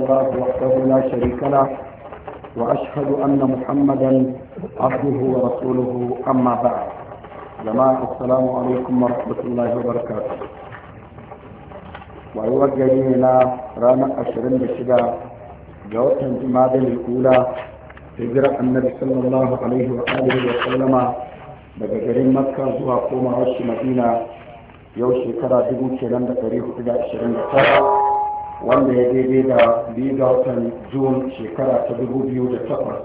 الله وحده لا شريك له وأشهد أن محمدا عبده ورسوله أما بعد جماعة السلام عليكم ورحمة الله وبركاته ويوجه الى رانا أشرين بشدة جوة جماد الأولى هجرة النبي صلى الله عليه وآله وسلم مكة وقوم daga مدينة يوشي كرا komawar shi madina الى اشرين 1429 wanda ya daidai da ga watan jun shekara ta dubu da takwas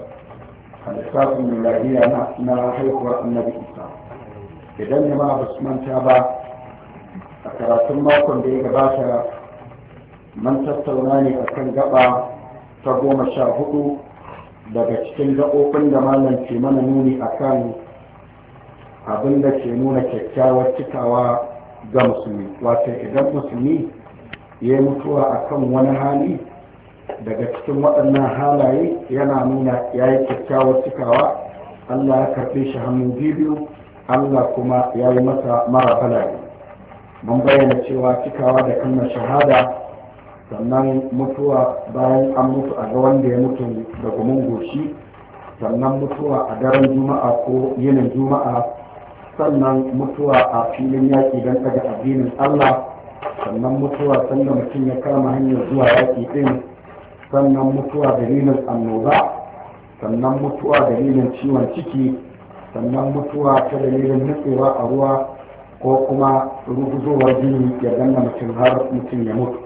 a lissafin miladiya na haihuwar annabi isa idan ma ba su manta ba a karatun makon da ya gabata man tattauna ne a kan gaba ta goma sha hudu daga cikin gaɓoɓin da malam ke mana nuni a kan abin da ke nuna kyakkyawar cikawa ga musulmi wato idan musulmi ya yi mutuwa a kan wani hali daga cikin waɗannan halaye yana nuna ya yi kyakkyawar cikawa allah ya karɓe shi hannu biyu allah kuma ya yi masa mara halaye mun bayyana cewa cikawa da kan shahada sannan mutuwa bayan an mutu a ga wanda ya mutu da gumin goshi sannan mutuwa a daren juma'a ko yinin juma'a sannan mutuwa a filin yaƙi don daga addinin allah sannan mutuwa sannan mutum ya kama hanyar zuwa yaƙi ɗin sannan mutuwa dalilin annoba sannan mutuwa dalilin ciwon ciki sannan mutuwa ta dalilin nutsewa a ruwa ko kuma ruguzowar jini ya danna mutum har mutum ya mutu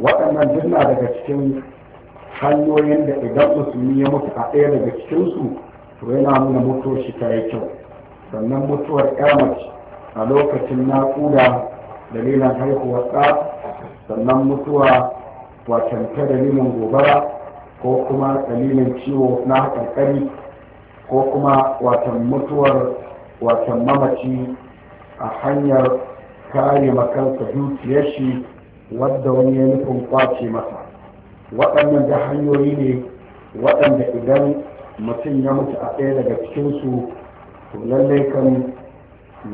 waɗannan duk daga cikin hanyoyin da idan musulmi ya mutu a ɗaya daga cikinsu to yana nuna mutuwar shi ta yi kyau sannan mutuwar mace a lokacin naƙuda dalilin haihuwar ɗa sannan mutuwa wacan dalilin gobara ko kuma dalilin ciwo na haƙarƙari ko kuma watan mutuwar watan mamaci a hanyar kare makansa dukiyar shi wadda wani ya nufin kwace masa waɗannan da hanyoyi ne waɗanda idan mutum ya mutu a ɗaya daga cikinsu to lallai kan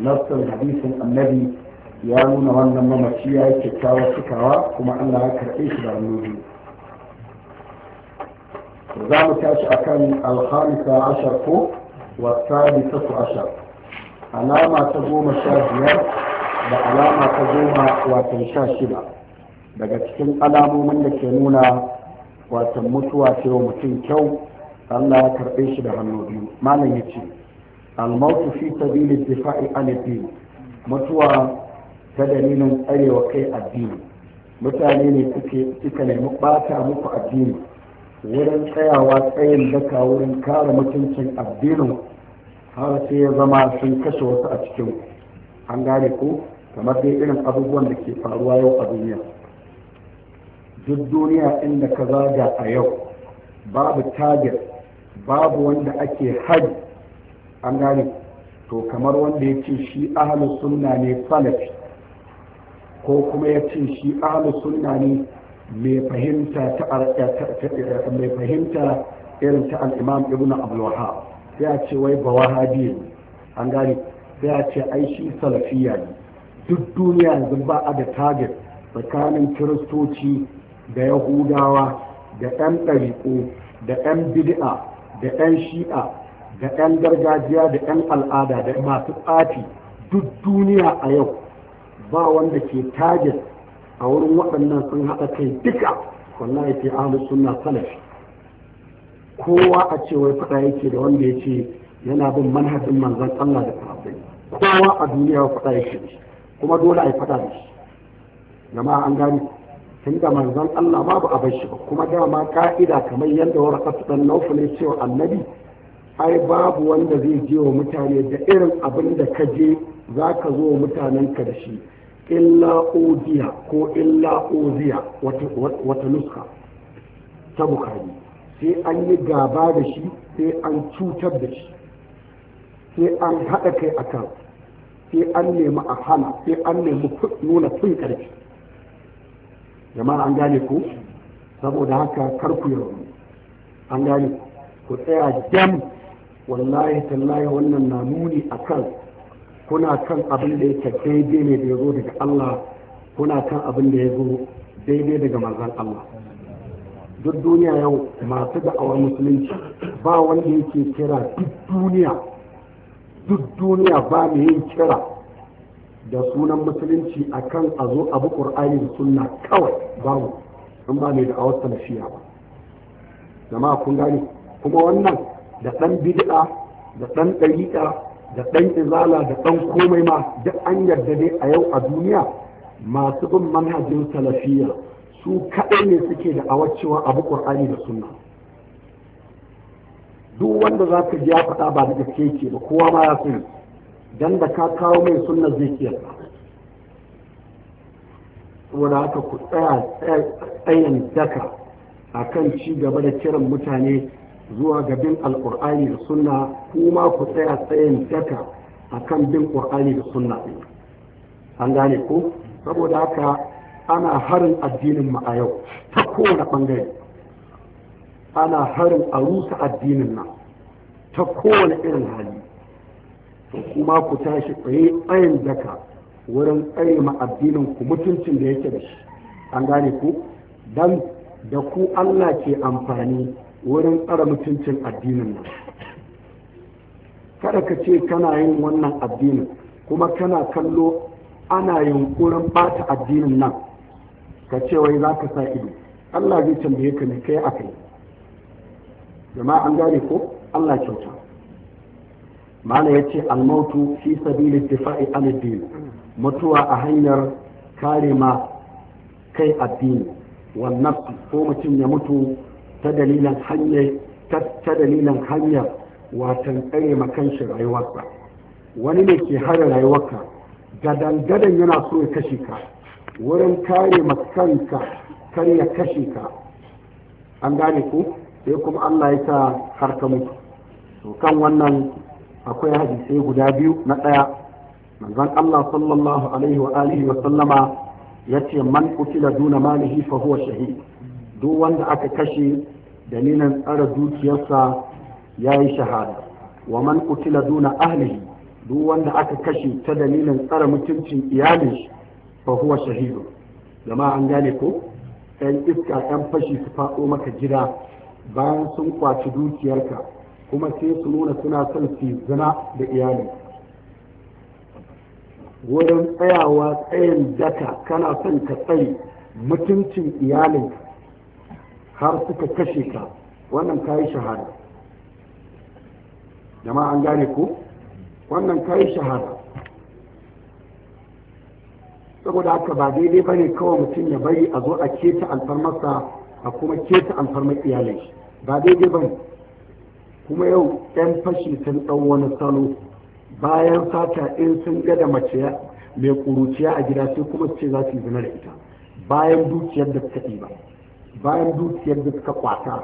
nassar hadisin annabi ya nuna wannan mamaci ya yi kyakkyawar cikawa kuma allah ya karɓe shi da hannu za mu tashi a kan alhamisa ashar ko bisa su ashar alama ta goma sha biyar da alama ta goma watan sha shida daga cikin alamomin da ke nuna watan mutuwa ce wa mutum kyau allah ya karɓe shi da hannu biyu malam ya ce almautu fi sabili difa'i alifin mutuwa ta dalilin tsarewa kai addini mutane ne suke suka nemi ɓata muku addini wurin tsayawa tsayin daka wurin kare mutuncin addinin har sai ya zama sun kashe wasu a cikin an gane ko kamar dai irin abubuwan da ke faruwa yau a duniya duk duniya inda ka zaga a yau babu tagir babu wanda ake haji an gane to kamar wanda ya ce shi ahalin sunna ne salafi ko kuma ya ce shi ahlus sunna ne mai fahimta ta mai fahimta irin ta al-imam ibnu abdul sai a ce wai bawahabi ne an gane sai ce ai shi salafiya ne duk duniya yanzu ba a da target tsakanin kiristoci da yahudawa da 'yan ɗariƙo da 'yan bid'a da 'yan shi'a da 'yan gargajiya da 'yan al'ada da masu tsafi duk duniya a yau ba wanda ke target a wurin waɗannan sun haɗa kai duka wallahi fi ahlu sunna salafi kowa a ce wai faɗa yake da wanda ya ce yana bin manhajin manzon Allah da sahabbai kowa a duniya faɗa yake kuma dole a yi faɗa da shi jama'a an gani tun da manzon Allah babu abin a bar shi ba kuma dama ka'ida kamar yadda warqatu dan nawfal ya ce wa annabi ai babu wanda zai je wa mutane da irin abin da ka je za ka zo wa mutanenka da shi illa uziya ko illa uziya wata nuska ta bukari sai an yi gaba da shi sai an cutar da shi sai an haɗa kai a kan sai an nemi a hana sai an nemi nuna fin ƙarfi jama'a an gane ku saboda haka karku yi rauni an gane ku tsaya jam wallahi tallahi wannan na nuni a kan kuna kan abin da yake daidai ne da ya daga Allah kuna kan abin da ya zo daidai daga manzan Allah duk duniya yau masu da'awar musulunci ba wanda yake kira duk duniya duk duniya ba mai yin kira da sunan musulunci akan a zo abu ƙur'ani da sunna kawai babu in ba mai da'awar salafiya ba jama'a kun gane kuma wannan da ɗan bid'a da ɗan ɗariƙa da ɗan izala da ɗan komai ma duk an yarda dai a yau a duniya masu bin manhajin salafiyya su kaɗai ne suke da awacewa abu ƙur'ani da sunna duk wanda za ka ya faɗa ba da gaske ke ba kowa ma ya sani dan da ka kawo mai sunna zai ke saboda haka ku tsaya tsayin daka akan ci gaba da kiran mutane zuwa ga bin alƙur'ani da sunna kuma ku tsaya tsayin daka kan bin ƙur'ani da sunna an gane ko saboda haka ana harin addinin mu a yau ta kowane ɓangare ana harin a rusa addinin nan ta kowane irin hali to kuma ku tashi tsaye tsayin daka wurin tsaye ma addinin ku mutuncin da yake da shi an gane ku dan da ku Allah ke amfani wurin tsara mutuncin addinin nan kada ka ce kana yin wannan addinin kuma kana kallo ana yunkurin bata addinin nan ka ce wai za ka sa ido Allah zai tambaye ka ne kai a kai jama'a an gane ko Allah kyauta ya ce almautu fi sabili difa'i an mutuwa a hanyar kare ma kai addini wannan ko mutum ya mutu ta dalilin hanyar ta dalilin hanyar watan tsare makan shi rayuwarsa wani ne ke hana rayuwarka gadan gadan yana so ya kashe ka wurin kare makanka kar ya kashe ka an gane ku sai kuma Allah ya sa har ka mutu to kan wannan akwai hadisai guda biyu na ɗaya manzon Allah sallallahu alaihi wa alihi wa sallama yace man kutila duna malihi fa huwa shahid duk wanda aka kashe dalilin tsara dukiyarsa ya yi shahada wa man kutila duna ahlihi duk wanda aka kashe ta dalilin tsara mutuncin iyalin shi fa huwa shahidu jama'a an gane ko ɗan iska ɗan fashi su faɗo maka gida bayan sun kwaci dukiyarka kuma sai su nuna suna son su zina da iyalin wurin tsayawa tsayin daka kana son ka tsaye mutuncin iyalinka har suka kashe ka wannan ka yi shahada jama'a an gane ko wannan ka yi shahada saboda haka ba daidai ba ne kawai mutum ya bari a zo a keta alfarmarsa a kuma keta alfarmar iyalai ba daidai ba ne kuma yau 'yan fashi sun ɗan wani salo bayan sata in sun ga da mace mai ƙuruciya a gida sai kuma su ce za su yi zina da ita bayan dukiyar da suka ɗiba ba bayan dukiyar da suka kwata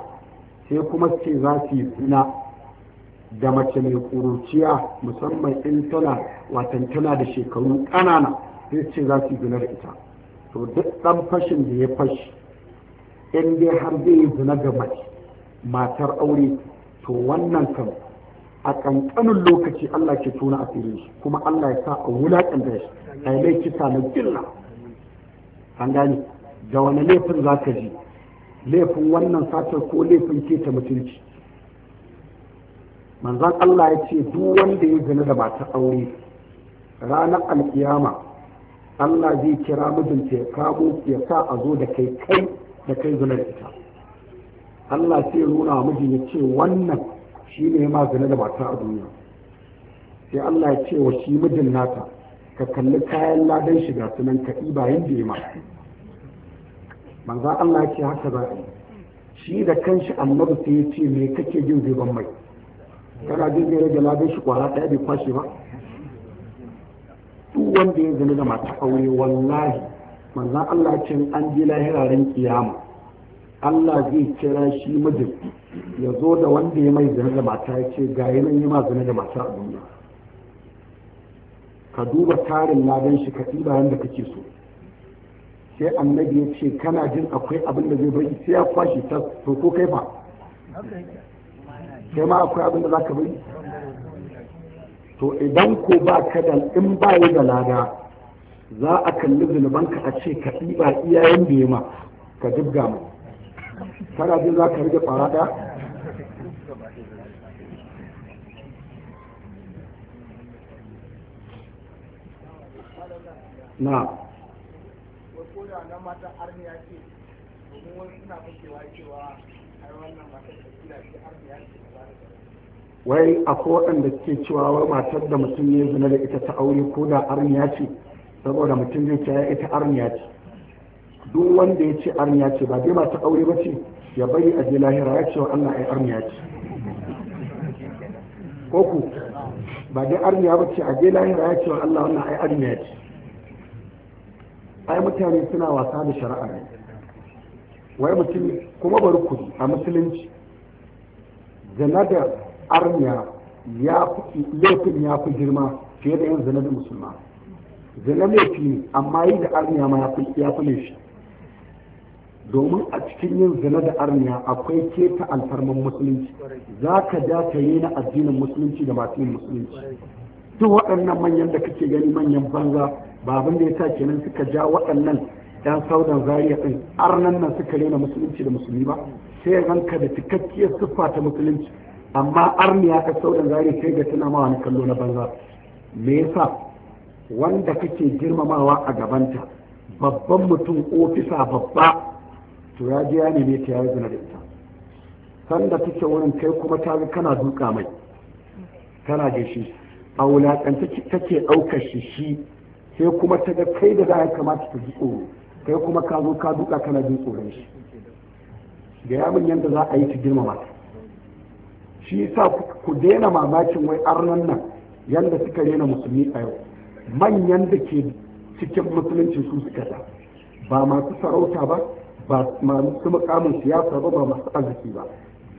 sai kuma ce za su yi suna da mace mai ƙuruciya musamman in tana watan tana da shekaru ƙanana sai ce za su yi zinar ita to duk ɗan fashin da ya fashi in dai har zai yi zina ga mace matar aure to wannan kan a ƙanƙanin lokaci Allah ke tona fili shi kuma Allah ya sa a wulaƙanta shi a yi sa na gilla an gane da wani laifin za ka ji laifin wannan satar ko laifin keta mutunci manzan Allah ya ce duk wanda ya zina da mata aure ranar alkiyama Allah zai kira mijinta ya kamo ya sa a zo da kai kai da kai zina da ita Allah sai nuna wa mijin ya ce wannan shi ne ma zina da mata a duniya sai Allah ya ce wa shi mijin nata ka kalli kayan ladan shiga sunan ka ɗiba da ya manzo Allah ce haka ba. shi da kanshi annabi sai ya ce me kake jin zuban mai kana jin zai rage labin shi kwara ɗaya bai kwashe ba duk wanda ya zama da mata aure wallahi manzo Allah ce an ji lahiraren kiyama Allah zai kira shi mijin ya zo da wanda ya mai zina da mata ya ce ga yi nan yi ma zina da mata a duniya ka duba tarin ladan shi ka ɗiba yadda kake so sai annabi ya ce kana jin akwai abin da zai bari sai ya kwashe ta to ko kai fa sai ma akwai abin da za ka bari to idan ko ba ka da in ba yi da lada za a kalli ka a ce ka ɗiba iyayen da ma ka dubga mu kana jin za ka rage ƙwara ɗaya na mata arniya ce domin wani suna fakewa cewa har wannan matar da ce arniya ce ba da wai akwai waɗanda suke cewa wa matar da mutum ya zina da ita ta aure ko da arniya ce saboda mutum zai ce ita arniya ce duk wanda ya ce arniya ce ba dai ta aure ba ce ya bari a je lahira ya ce wa Allah ai arniya ce ko ku ba dai arniya ba ce a je lahira ya ce wa Allah wannan ai arniya ce ai mutane suna wasa da shari'a ne wai mutum kuma bari ku a musulunci zanadar da arniya ya fi laifin ya fi girma fiye da yin zina da musulma zanadar laifi ne amma yi da arniya ma ya fi laifi domin a cikin yin zina da arniya akwai keta alfarman musulunci za ka ja ka yi na addinin musulunci da masu yin musulunci duk waɗannan manyan da kake gani manyan banza ba abin da ya sa kenan suka ja waɗannan yan saudan zariya ɗin arnan nan suka rena musulunci da musulmi ba sai ranka da cikakkiyar siffa ta musulunci amma arniya ka saudan zariya sai ga tana ma wani kallo na banza me yasa wanda kake girmamawa a gabanta babban mutum ofisa babba to ya ji ya neme ta ya zina da ita sanda take wurin kai kuma ta ga kana duka mai kana da shi a wulakanta take ɗaukar shi shi sai kuma ta ga kai da za a kamata ta ji tsoro kai kuma ka zo ka duka kana jin tsoron shi ga yamin yadda za a yi ta girmama ta shi yasa ku daina mamakin wai arnan nan yadda suka rena musulmi a yau manyan da ke cikin musulunci su suka da ba masu sarauta ba ba masu mukamin siyasa ba ba masu arziki ba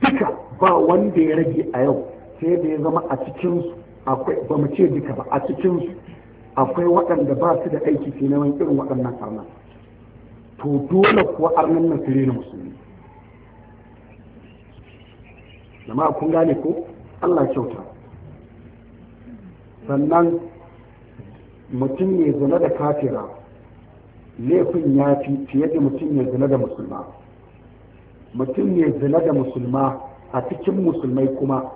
duka ba wanda ya rage a yau sai da ya zama a cikinsu akwai ba mu ce duka ba a cikinsu akwai waɗanda ba su da aiki sai neman irin waɗannan arnan to dole kuwa arnan na su na musulmi jama'a kun gane ko Allah kyauta sannan mutum ne zana da kafira laifin ya fi fiye da mutum ne zana da musulma mutum ne zana da musulma a cikin musulmai kuma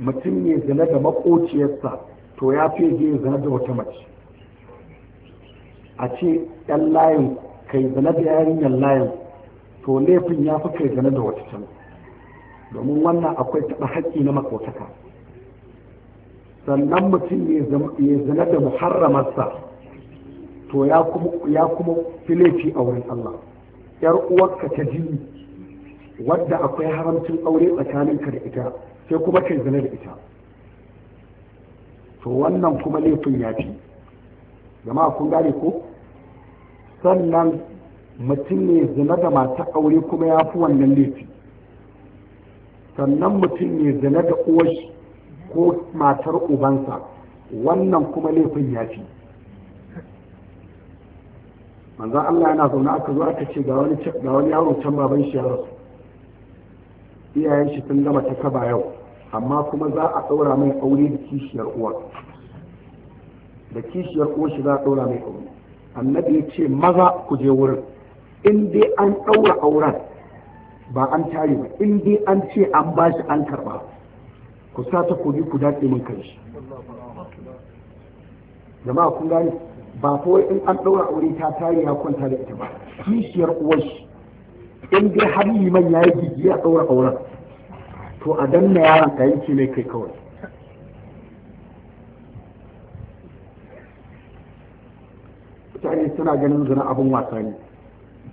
mutum ne zana da maƙociyarsa. to ya fi je zana da wata mace a ce yan layin kai zana da yarinyar layin to laifin ya fi kai zana da wata can domin wannan akwai taɓa haƙƙi na makotaka sannan mutum ya zana da muharramarsa to ya kuma fi laifi a wurin Allah yar uwarka ta jini wadda akwai haramcin aure tsakaninka da ita sai kuma kai zana da ita to wannan kuma laifin ya fi jama'a kun gane ko sannan mutum ne zina da mata aure kuma ya fi wannan laifi sannan mutum ne zina da uwashi ko matar ubansa wannan kuma laifin ya fi manzan Allah yana zaune aka zo aka ce ga wani yaro can baban shi ya rasu iyayen shi sun gama ta kaba yau amma kuma za a ɗaura mai aure da kishiyar uwar da kishiyar uwar shi za a ɗaura mai aure annabi ya ce maza ku je wurin in dai an ɗaura auren ba an tare ba in dai an ce an ba shi an karɓa ku sa ta kogi ku dace min kan shi jama'a kun gane ba kawai in an ɗaura aure ta tare ya kwanta da ita ba kishiyar uwar shi in dai har liman ya yi gigiya ɗaura auren to a danna yaron ka yanki mai kai kawai mutane suna ganin zina abin wasa ne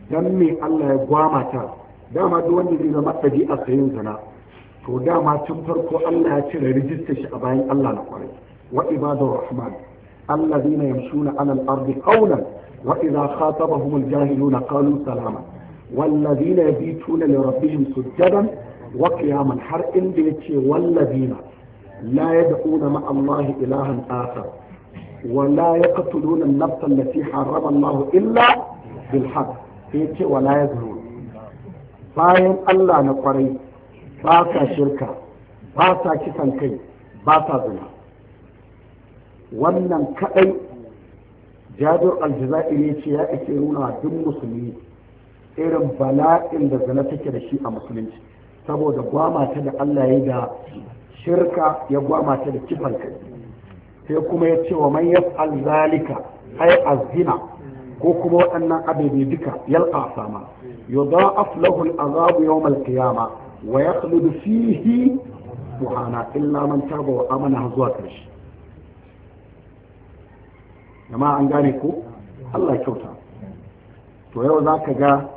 dan me Allah ya gwama ta dama duk wanda zai zama ɗabi'a sayin zina to dama tun farko Allah ya cire rijistar shi a bayan Allah na kwarai wa ibadur rahman الذين يمشون على الأرض قولا وإذا خاطبهم الجاهلون qalu salama والذين يبيتون لربهم سجدا wa har inda yace wallazina la yad'una ma Allah ilahan akhar wa la yaqtuluna an-nafs allati harrama Allah illa bilhak? haqq yace wa la yazlun bayan Allah na kwarai ba sa shirka ba sa kisan kai ba sa zina wannan kadai jabir aljazairi ce ya ake nuna duk musulmi irin bala'in da zina take da shi a musulunci saboda gwamata da Allah ya da shirka ya gwamata da kifan kai sai kuma ya ce wa man yaf'al zalika ay azina ko kuma waɗannan ababe duka yalqa sama yudha'af lahu al'azab yawm al-qiyama wa yakhlud fihi muhana illa man taba wa amana zuwa karshe jama'a an gane ko Allah kyauta to yau za ka ga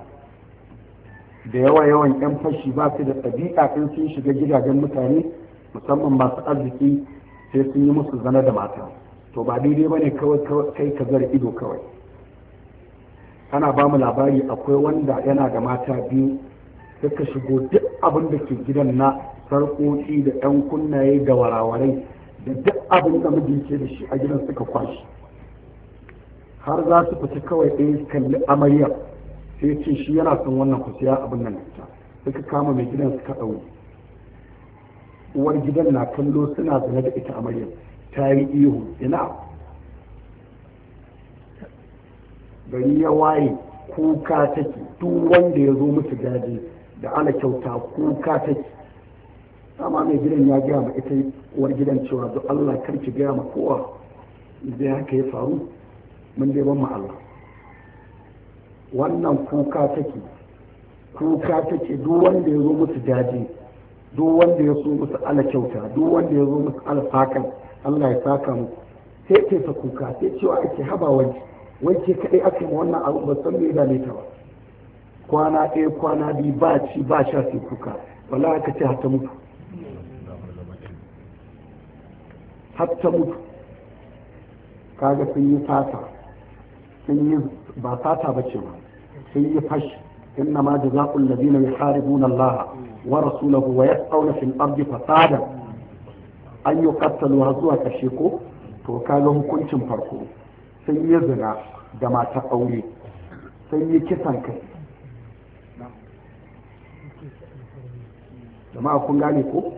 da yawa yawan yan fashi ba su da ɗabi'a in sun shiga gidajen mutane musamman masu arziki sai sun yi musu zana da mata to ba daidai ba ne kawai kai ka zara ido kawai ana ba mu labari akwai wanda yana da mata biyu suka shigo duk abin da ke gidan na sarƙoƙi da 'yan kunnaye da warawarai da duk abin da mijinke da shi a gidan suka kwashi har za su fita kawai ɗaya eh, kalli amaryar sai ce shi yana son wannan ku siya abin nan ta suka kama mai gidan suka ɗaure uwar gidan na kallo suna zane da ita amaryar ta yi ihu ina gari ya waye kuka take duk wanda ya zo musu gaji da ana kyauta kuka take amma mai gidan ya gaya ma ita uwar gidan cewa zo Allah karki gaya ma kowa zai haka ya faru mun dai ban mu Allah wannan kuka take kuka take duk wanda ya zo musu daji duk wanda ya so musu ala kyauta duk wanda ya zo musu ala fakan Allah ya saka mu sai ce ta kuka sai cewa ake haba wani wanke kaɗai aka yi wannan abu ba san me zane ta ba kwana ɗaya kwana biyu ba ci ba sha sai kuka wala ka ce hatta mutu hatta mutu kaga sun yi fata sun yi ba sata ba ce ba sun yi fashi inna ma ya ladina yuharibuna Allah wa rasulahu wa ya yas'awna fil ardi fasada an yuqattalu har zuwa kashe ko to ka ga hukuncin farko sun yi zina da mata aure sun yi kisan kai jama'a kun gane ko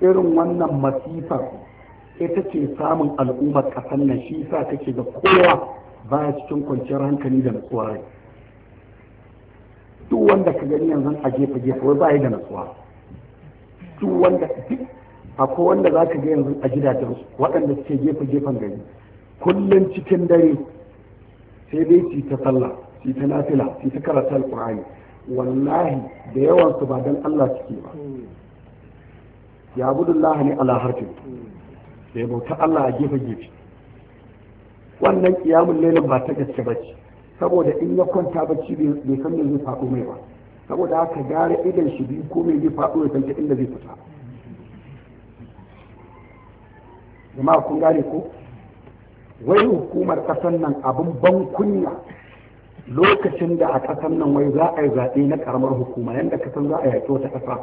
irin wannan masifar ita ce samun al'ummar kasan nan shi sa take ga kowa baya cikin kwanciyar hankali da natsuwa rai duk wanda ka gani yanzu a gefe gefe wai baya da natsuwa duk wanda akwai wanda za ka ga yanzu a gidajen waɗanda suke gefe gefen gari kullum cikin dare sai dai ci ta sallah ci ta nafila ci ta karanta alqur'ani wallahi da yawan su ba dan Allah suke ba ya budullahi ne ala harfin sai bauta Allah a gefe gefe wannan kiyamun lailin ba ta gaske ce, saboda in ya kwanta bacci bai san me zai faɗo mai ba saboda haka gara idan shi biyu ko mai zai faɗo ya san ta inda zai fita jama'a kun gane ko wai hukumar ƙasar nan abin ban kunya lokacin da a ƙasar nan wai za a yi zaɓe na ƙaramar hukuma yadda kasan za a yaƙi wata ƙasa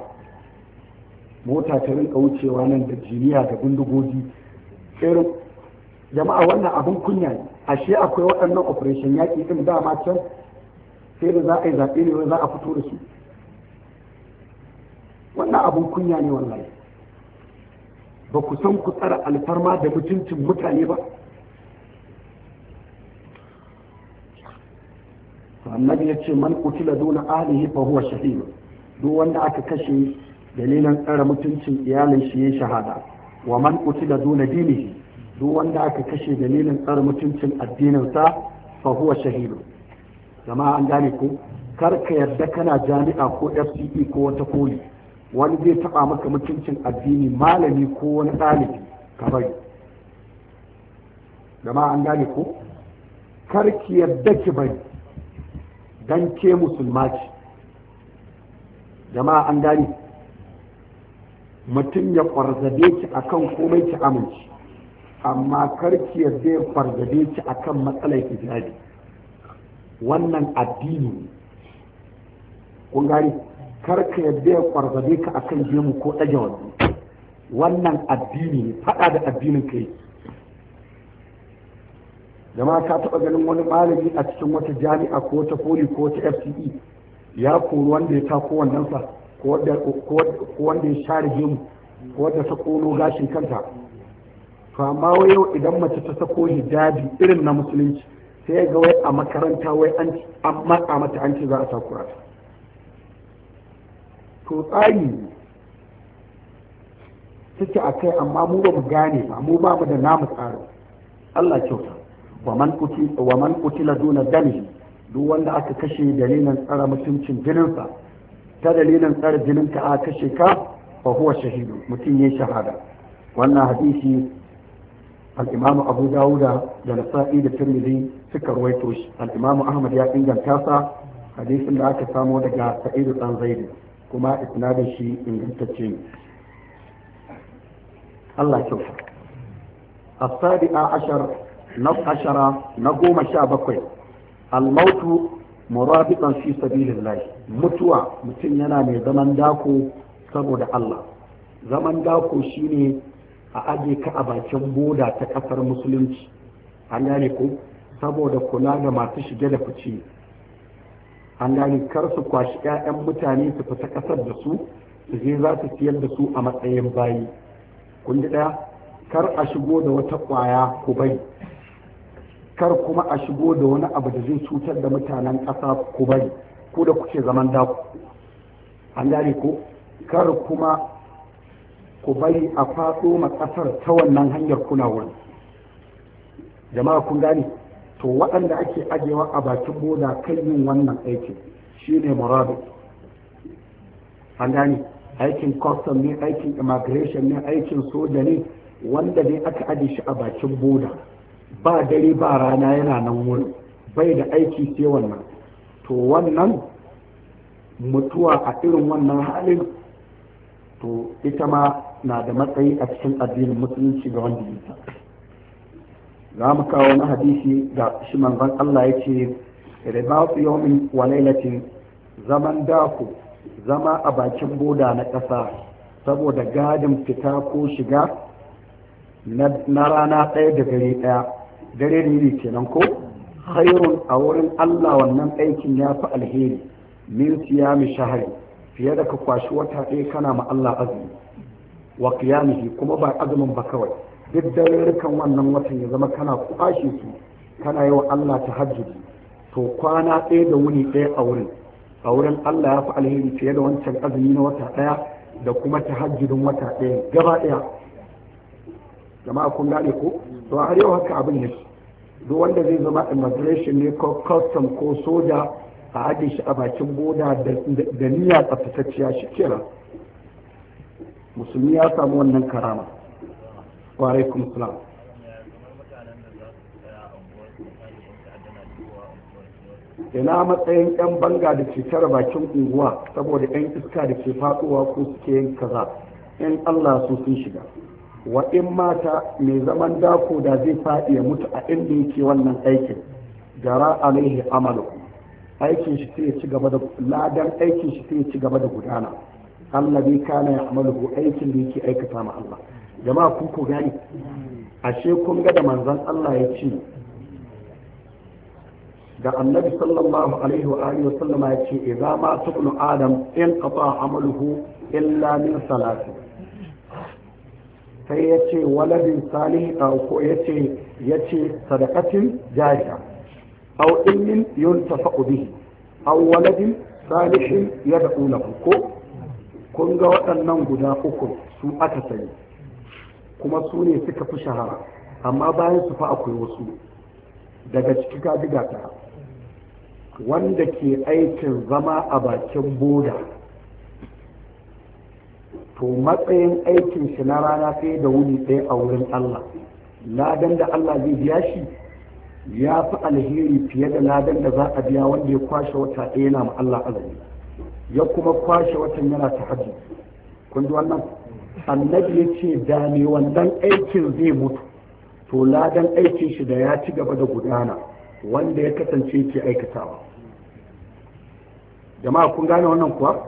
mota ta rinka wucewa nan da jiniya da bindigogi irin jama'a wannan abin kunya ne ashe akwai waɗannan operation yaƙi ɗin dama can sai da za a yi zaɓe ne za a fito da su wannan abin kunya ne wallahi ba ku san ku tsara alfarma da mutuncin mutane ba annabi ya ce man kutila duna ahlihi fa huwa shahid duk wanda aka kashe dalilan tsara mutuncin iyalin shi ya shahada wa man kutila duna dinihi duk wanda aka kashe dalilin tsara mutuncin addininsa fa huwa shahidu zama an gane ku, kar ka yarda kana jami'a ko fce ko wata koli wani zai taba maka mutuncin addini malami ko wani ɗalibi ka bari zama an gane ku, kar ki yarda ki bari dan ke musulma ce jama'a an gane mutum ya kwarzabe ki akan komai ki amince amma karki ya zai fargabe ki kan matsalar hijabi wannan addini ne kun gani karka ya ya fargabe ka kan gemu ko ɗage wani wannan addini ne faɗa da addinin ka yi jama'a ka taɓa ganin wani malami a cikin wata jami'a ko ta foli ko ta fce ya kori wanda ya tako wannan sa ko wanda ya share gemu ko wanda ta kono gashin kanta to amma wai yau idan mace ta sako hijabi irin na musulunci sai ga wai a makaranta wai an matsa mata an ce za a sakura ta to tsari suke a kai amma mu ba mu gane ba mu ba mu da namu tsarin Allah kyauta wa man la duna dami duk wanda aka kashe dalilin tsara mutuncin jininsa ta dalilin tsara jininka aka kashe ka fa huwa shahidu mutum ya shahada wannan hadisi al abu dawuda da nasa'i da tirmidhi suka ruwaito shi al ahmad ya inganta sa hadisin da aka samo daga sa'idu dan zaidi kuma isnadin shi ingantacce ne Allah kyau السابعة عشر نص عشرة نقوم شابكوي الموت مرابطا في سبيل الله متوى متن ينا من زمن داكو سبود الله زمن داكو شيني a aje ka a bakin boda ta kasar musulunci an gane ko saboda kula da masu shige da fice an gane kar su kwashi 'ya'yan mutane su fita kasar da su su je za su siyar da su a matsayin bayi kun ji ɗaya kar a shigo da wata ƙwaya ku bai kar kuma a shigo da wani abu da zai cutar da mutanen ƙasa ku bai ku da kuke zaman daku an gane ko kar kuma ku bari a kwasoma ƙasar ta wannan hanyar kuna wurin jama'a kun gane to waɗanda ake ajewa a bakin boda kan yin wannan aikin shine murabi an gane aikin custom ne aikin immigration ne aikin soja ne wanda ne aka aje shi a bakin boda ba dare ba rana yana nan wurin bai da aiki sai wannan to wannan mutuwa a irin wannan halin to ita ma na da matsayi a cikin addinin musulunci ga wanda yake za mu kawo wani hadisi ga shi manzon Allah ya ce ribatu yawmin wa lailatin zaman daku zama a bakin boda na ƙasa saboda gadin fita ko shiga na rana ɗaya da gare ɗaya dare ne kenan ko khairun a wurin Allah wannan aikin ya fi alheri min siyami shahari fiye da ka kwashi wata ɗaya kana ma Allah azumi wa qiyamihi kuma ba azumin ba kawai duk dalilukan wannan watan ya zama kana kwashe su kana yi wa Allah tahajjudi to kwana ɗaya da wuni ɗaya a wurin a wurin Allah ya fi alheri fiye da wancan azumi na wata ɗaya da kuma tahajjudin wata ɗaya gaba ɗaya jama'a kun gane ko to har yau haka abin yake duk wanda zai zama immigration ne ko custom ko soja a ajiye shi a bakin boda da niyya tsaftatacciya shi kenan musulmi ya samu wannan karama wa alaikum salam ina matsayin yan banga da ke tara bakin unguwa saboda yan iska da ke faduwa ko suke yin kaza in allah su sun shiga wa in mata mai zaman dako da zai faɗi ya mutu a inda yake wannan aikin jara alaihi amalu aikin shi sai ya aikin shi sai ya ci gaba da gudana allazi kana ya'maluhu aikin da yake aikata ma Allah jama'a ku ku gani ashe kun ga da manzon Allah ya ce da annabi sallallahu alaihi wa alihi wa sallama ya ce idza ma tukunu adam in qata amaluhu illa min salati sai ya ce waladin salih ko ya ce ya ce sadaqatin jariya aw ilmin yuntafa'u bihi aw waladin salihin yad'u lahu ko kun ga waɗannan guda uku su aka sani kuma su ne suka fi shahara amma bayan su fa akwai wasu daga ciki ka ta wanda ke aikin zama a bakin boda to matsayin aikin shi na rana sai da wuni ɗaya a wurin Allah ladan da Allah zai biya shi ya fi alheri fiye da ladan da za a biya wanda ya kwashe wata ɗaya na ma Allah azumi ya kuma kwashe watan yana ta hajji kun ji wannan annabi ya ce da ne wannan aikin zai mutu to ladan aikin shi da ya ci gaba da gudana wanda ya kasance ke aikatawa jama'a kun gane wannan kuwa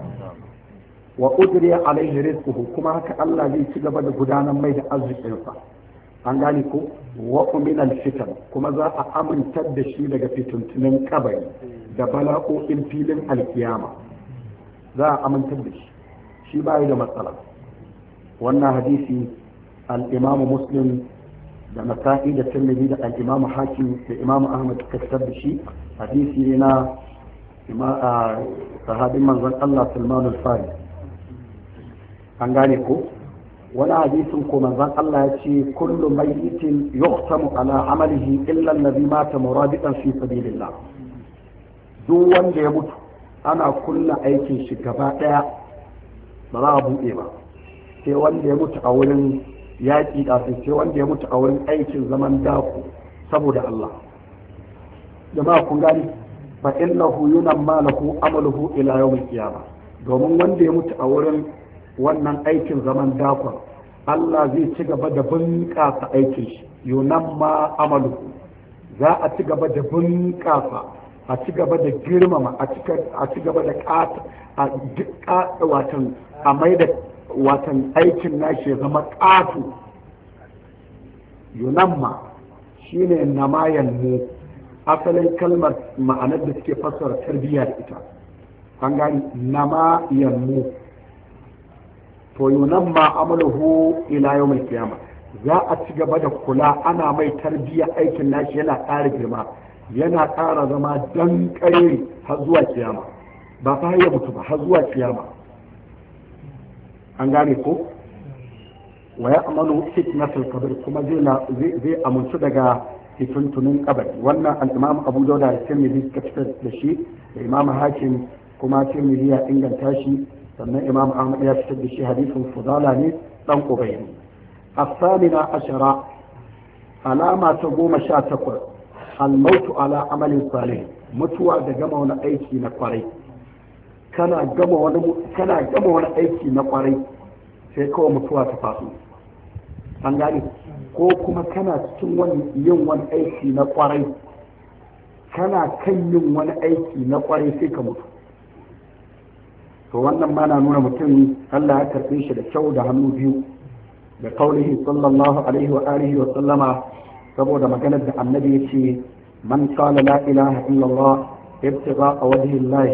wa udriya alaihi rizquhu kuma haka Allah zai ci gaba da gudanar mai da arzikinsa an gane ko wa minal fitan kuma za a amintar da shi daga fituntunan kabari da bala'o'in filin alkiyama za a amintar da shi shi ba da matsala wannan hadisi al-imamu muslim da nasa'i da tirmidhi da al-imamu hakim da imamu ahmad suka fitar da shi hadisi ne na sahabin manzon Allah Salman al-Fari an gane ko wani hadisin ko manzon Allah ya ce kullu mayyitin yuhtamu ala amalihi illa allazi mata muradiqan fi sabilillah duk wanda ya mutu ana kulla aikin shi gaba ɗaya ba za a buɗe ba sai wanda ya mutu a wurin yaƙi ɗafi sai wanda ya mutu a wurin aikin zaman daku saboda Allah jama'a kun gani fa innahu yunan malahu amaluhu ila yawmin qiyamah domin wanda ya mutu a wurin wannan aikin zaman dakon Allah zai ci gaba da bunƙasa aikin shi yunan ma amaluhu za a ci gaba da bunƙasa a ci gaba da girmama a ci gaba da ƙata watan a mai da watan aikin nashi zama ƙatu yunamma shine namayan mu asalin kalmar ma'anar da suke fassara tarbiyya da ita an gani namayan mu to yunamma amaluhu ila mai kiyama za a ci gaba da kula ana mai tarbiyya aikin nashi yana ƙara girma yana ƙara zama dan ƙare har zuwa kiyama ba fa ya mutu ba har zuwa kiyama an gane ko wa ya amalu fitnatul qabr kuma zai zai amince daga fituntunin kabari wannan al-imam Abu dauda da Tirmidhi suka fitar da shi da Imam Hakim kuma Tirmidhi ya inganta shi sannan Imam Ahmad ya fitar da shi hadisin Fudala ne dan Ubayy alama ta goma sha شاتكر almautu ala amalin salih mutuwa da gama wani aiki na kwarai kana gama wani kana gama wani aiki na kwarai sai kawai mutuwa ta faso an gani ko kuma kana cikin wani yin wani aiki na kwarai kana kan yin wani aiki na kwarai sai ka mutu to wannan ma na nuna mutum Allah ya karɓe shi da kyau da hannu biyu da kaulihi sallallahu alaihi wa alihi wa sallama saboda maganar da annabi ya ce man qala la ilaha illallah ibtigha wajhi allah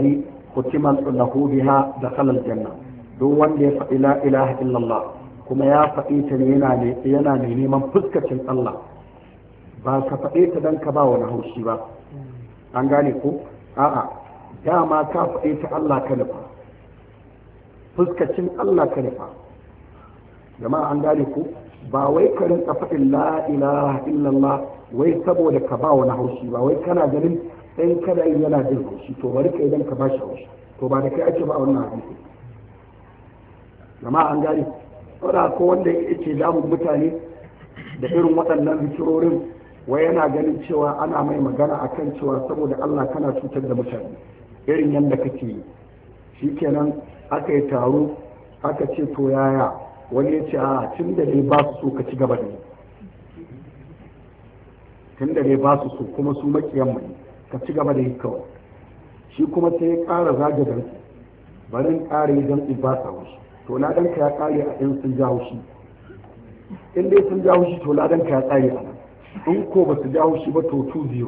kutima lahu biha dakhala janna, duk wanda ya faɗi la ilaha illallah kuma ya faɗi ta ne yana ne yana ne neman fuskacin Allah ba ka faɗe ta dan ka ba wani haushi ba an gane ko a'a dama ka faɗe ta Allah ka nufa fuskacin Allah ka nufa jama'a an gane ko ba wai ka rinka faɗin la ilaha illallah wai saboda ka ba wani haushi ba wai kana ganin ɗan kada yana jin haushi to bari ka idan ka ba shi haushi to ba da kai ake ba wannan hadisi jama'a an gane wanda ko wanda yake damun mutane da irin waɗannan fitirorin wai yana ganin cewa ana mai magana akan cewa saboda Allah kana cutar da mutane irin yadda kake yi kenan aka yi taro aka ce to yaya wani ya ce a tun da ne ba su so ka ci gaba da ni tun da ne ba su so kuma su makiyan mai ka ci gaba da yi kawai shi kuma sai ya ƙara zaga dantsi bari in ƙara yi dantsi ba sa wasu to ladanka ya ƙare a yan sun ja haushi in dai sun ja haushi to ladanka ya ƙare a nan in ko ba su ja haushi ba to 2-0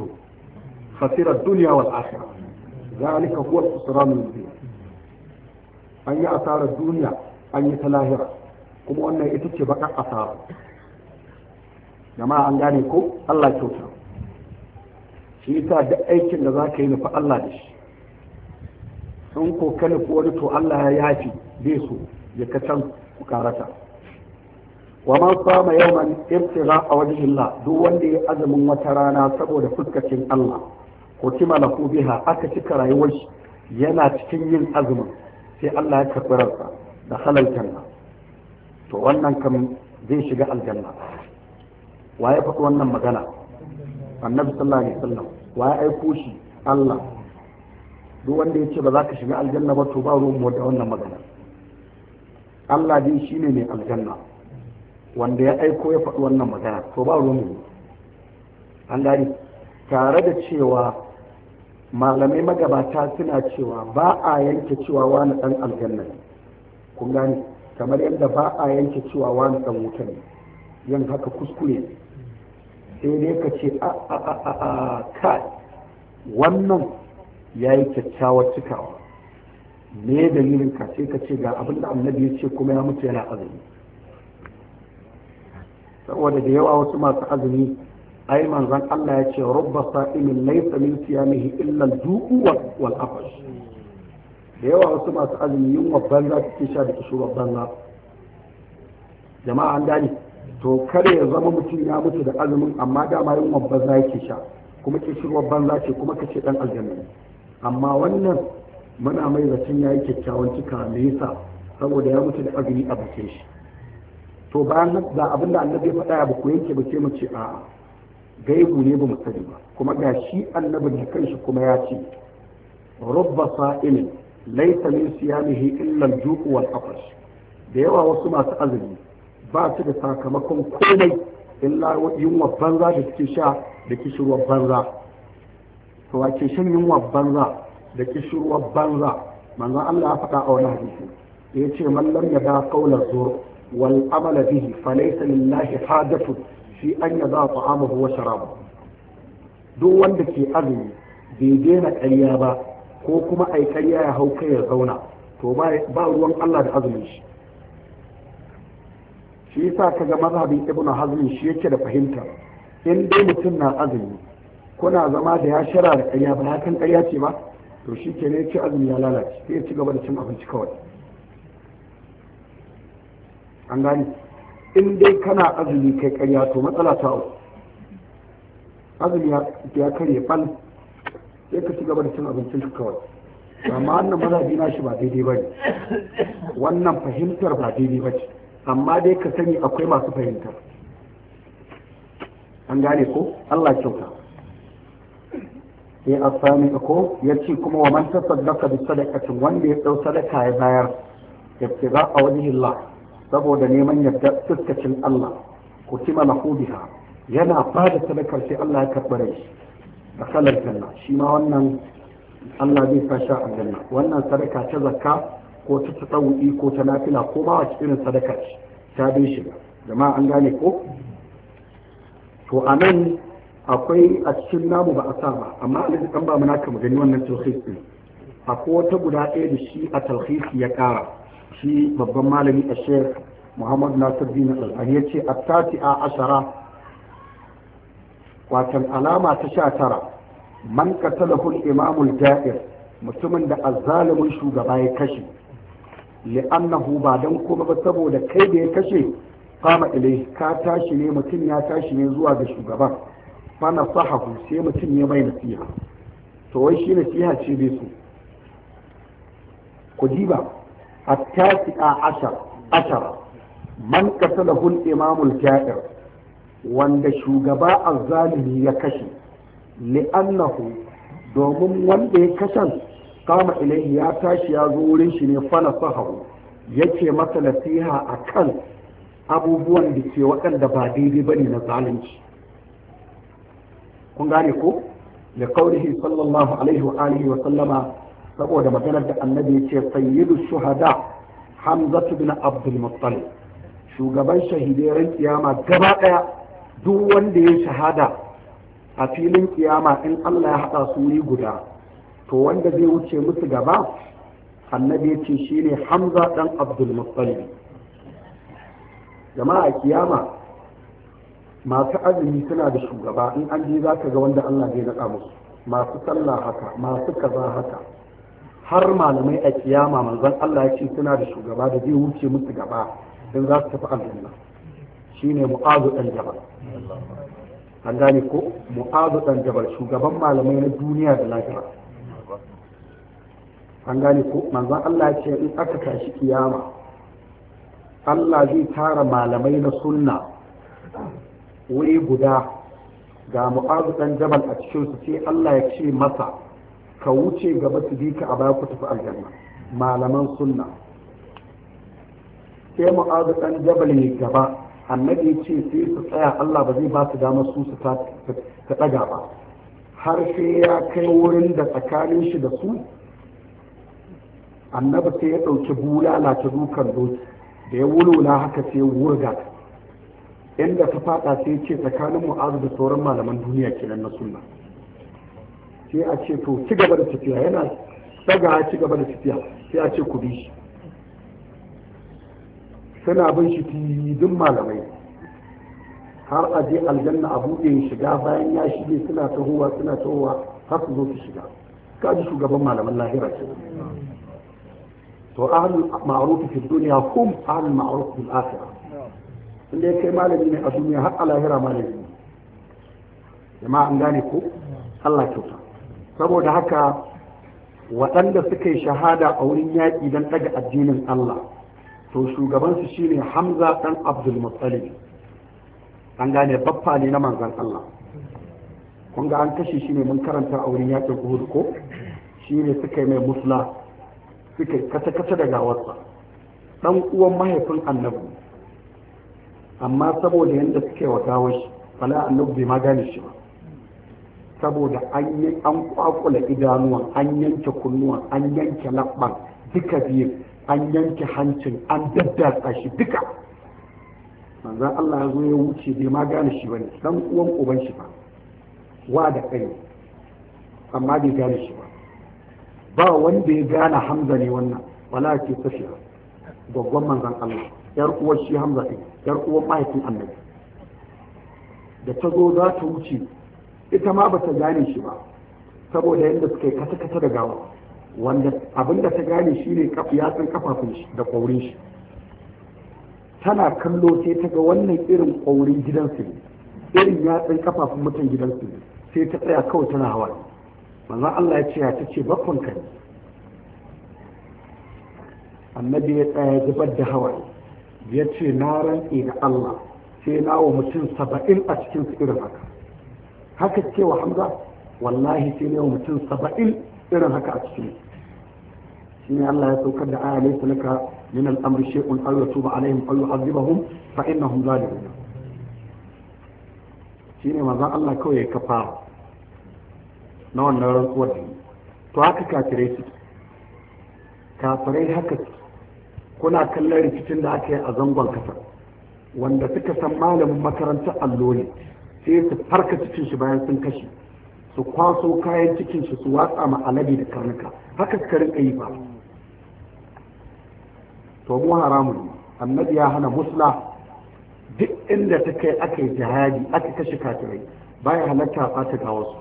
fasirar duniya wal akhirah zalika huwa al-khusran al-mubin an yi asarar duniya an yi ta lahira kuma wannan ita ce bakar asara jama'a an gane ko Allah kyauta shi ita da aikin da za ka yi nufi Allah da shi in ko ka nufi wani to Allah ya yafi bai so ya ka can ku karata wa man sama yawman ibtira a Allah, duk wanda ya azumin wata rana saboda fuskacin Allah kutima lahu biha aka cika rayuwar shi yana cikin yin azumin sai Allah ya karɓi da halaltar to wannan kam zai shiga aljanna wa ya faɗi wannan magana annabi sallallahu alaihi wasallam wa ya aiko shi Allah duk wanda ya ce ba za ka shiga aljanna ba to ba ruwan da wannan magana Allah dai shine mai aljanna wanda ya aiko ya faɗi wannan magana to ba ruwan mu an gani tare da cewa malamai magabata suna cewa ba a yanke cewa wani ɗan aljanna kun gani kamar yadda ba a yanke cewa wani dan wuta ne yin haka kuskure sai dai ka ce a a a a ka wannan ya yi kyakkyawar cikawa me dalilin ka sai ka ce ga abin da annabi ya ce kuma ya mutu yana azumi saboda da yawa wasu masu azumi ai manzon Allah ya ce rubba sa'imin laysa min siyamihi illa al-du'u wal afash da yawa wasu masu azumi yin yunwa banza ke sha da kishirwar banza jama'a an gane to kare ya zama mutum ya mutu da azumin amma dama yunwa banza yake sha kuma kishirwar banza ce kuma ka ce dan aljanna amma wannan muna mai zacin ya yi kyakkyawan cika nesa saboda ya mutu da azumi a bakin shi to bayan da abin da annabi ya faɗa ya ku yanke ba ce mu ce a gaibu ne ba mu sani ba kuma ga shi annabi da kanshi kuma ya ce rubba sa'ilin laisa min siyamihi illa al-ju' wal afash da yawa wasu masu azumi ba su da sakamakon komai illa yunwa banza da suke sha da kishirwar banza to ake shan yunwa banza da kishirwar banza manzon Allah ya faɗa a wani hadisi ya ce man lam yada qawla zur wal amala bihi falaysa lillahi hajatu fi an yada ta'amahu wa sharabahu duk wanda ke azumi bai daina ƙarya ba ko kuma a karya ya hau kai ya zauna to ba ruwan Allah da azumin shi shi yasa kaga mazhabin ibnu hazmi shi yake da fahimta in dai mutum na azumi kuna zama da ya shara da karya, ba kan karya ce ba to shi ke ne ci azumi ya lalace sai ya ci gaba da cin abinci kawai an gani in dai kana azumi kai karya, to matsala ta azumi ya karya bal sai ka ci gaba da cin abincin kawai amma wannan mazaji na shi ba daidai ba ne wannan fahimtar ba daidai ba ce amma dai ka sani akwai masu fahimtar an gane ko Allah kyauta sai a sami ko ya ce kuma wa man tasaddaka bi sadaqatin wanda ya dau sadaka ya bayar za a hilla saboda neman yadda fuskacin Allah ku kutima lahu biha yana fada sadakar sai Allah ya karbare shi kasalar janna shi ma wannan Allah zai sa a aljanna wannan sadaka ta zakka ko ta tsawu'i ko ta nafila ko ma wace irin sadaka ce ta dai shiga jama'a an gane ko to a nan akwai a cikin namu ba a sa ba amma alhaji kan ba mu naka mu gani wannan tauhid ɗin akwai wata guda ɗaya da shi a talhisi ya ƙara shi babban malami a shekh muhammad nasir dina al ya ce a tati a ashara watan alama ta sha tara man qatalahu al-imam al-ja'ir mutumin da azzalimin shugaba ya kashe li'annahu ba dan kuma ba saboda kai da ya kashe kama ilai ka tashi ne mutum ya tashi ne zuwa ga shugaban fa nasahahu sai mutum ya mai nasiha to wai shi nasiha ce bai so ku diba tasi a ashar ashar man qatalahu al-imam al-ja'ir wanda shugaba azzalimi ya kashe li'annahu domin wanda ya kashen kama ilaihi ya tashi ya zo wurin shi ne fana ya yake masa nasiha a kan abubuwan da ke waɗanda ba daidai ba ne na zalunci kun gane ko da kaurihi sallallahu alaihi wa alihi wa sallama saboda maganar da annabi ya ce sayyidu shuhada hamzatu bin abdul muttalib shugaban shahidai ran kiyama gaba ɗaya duk wanda ya shahada a filin kiyama in Allah ya haɗa su ni guda to wanda zai wuce musu gaba annabi ya ce shine Hamza dan Abdul Muttalib jama'a kiyama masu azumi suna da shugaba in an je za ka ga wanda Allah zai naka musu masu sallah haka masu kaza haka har malamai a kiyama manzon Allah ya ce suna da shugaba da zai wuce musu gaba don za su tafi aljanna shine mu'azu dan jabal an gane ko mu'azu dan jabal shugaban malamai na duniya da lafiya an gane ko manzon Allah ce in aka tashi kiyama Allah zai tara malamai na sunna wuri guda ga mu'azu dan jabal a cikin su sai Allah ya ce masa ka wuce gaba su bi ka a baya ku tafi aljanna malaman sunna sai mu'azu dan jabal ne gaba annabi ya ce sai su tsaya Allah ba zai ba su dama su su ta daga ba har sai ya kai wurin da tsakanin shi da su annabi sai ya ɗauki bulala ta dukan doki da ya wulula haka sai wurga inda ta fada sai ce tsakanin mu'azu da sauran malaman duniya kenan na sunna sai a ce to ci gaba da tafiya yana daga ci gaba da tafiya sai a ce ku bi shi suna bin shi tidin malamai har a je aljanna a buɗe shiga bayan ya shige suna tahowa suna tahowa har su zo su shiga ka ji shugaban malaman lahira ce to ahlul ma'ruf fi duniya hum ahlul ma'ruf fil akhirah inda kai malami ne a duniya har a lahira malami ne jama'a an gane ko Allah kyauta saboda haka waɗanda suka yi shahada a wurin yaƙi don ɗaga addinin Allah to shugabansu shine hamza dan abdul muttalib an gane baffa ne na manzan allah kun ga an kashe shi ne mun karanta a wurin yakin uhud ko shi ne suka yi mai musla suka kace kace da gawarsa dan uwan mahaifin annabi amma saboda yadda suka yi wa gawar shi fala annabi bai ma gane shi ba saboda an yi an kwakula idanuwan an yanke kunnuwan an yanke labban duka biyu an yanke hancin an daddatsa shi duka manzan Allah ya zo ya wuce bai ma gane shi ba ne dan uwan uban shi ba wa da kai amma bai gane shi ba ba wanda ya gane Hamza ne wannan wala ke tafiya gwaggon manzan Allah yar uwar shi Hamza ɗin yar uwar mahaifin Annabi da ta zo za ta wuce ita ma ba ta gane shi ba saboda yadda suka yi kasa-kasa da gawa wanda abin da ta gane shi ne ya san kafafun shi da kwaurin shi tana kallo sai ta ga wannan irin kwaurin gidansu ne irin san kafafun mutan gidansu ne sai ta tsaya kawai tana hawa manzon Allah ya ce ya tace bakon ka annabi ya tsaya zubar da hawa ya ce na rantse da Allah sai na wa mutum saba'in a cikin su irin haka haka cewa hamza wallahi sai na wa mutum saba'in irin haka a cikin su شيء الله يتوكد آية ليس لك من الأمر شيء أو يتوب عليهم أو يعذبهم فإنهم ظالمون شيء ما الله كوي na نوع rantsuwar القوة to haka kafirai su kafirai haka kuna kallon rikicin da aka yi a zangon kasa wanda suka san malamin makarantar alloli sai su farka cikin shi bayan sun kashe su kwaso kayan cikin shi su watsa ma alabi da karnuka haka suka rinka yi ba to mu ne, annabi ya hana musla duk inda ta kai aka yi jihadi aka kashe kafirai baya halatta a ɓata ga wasu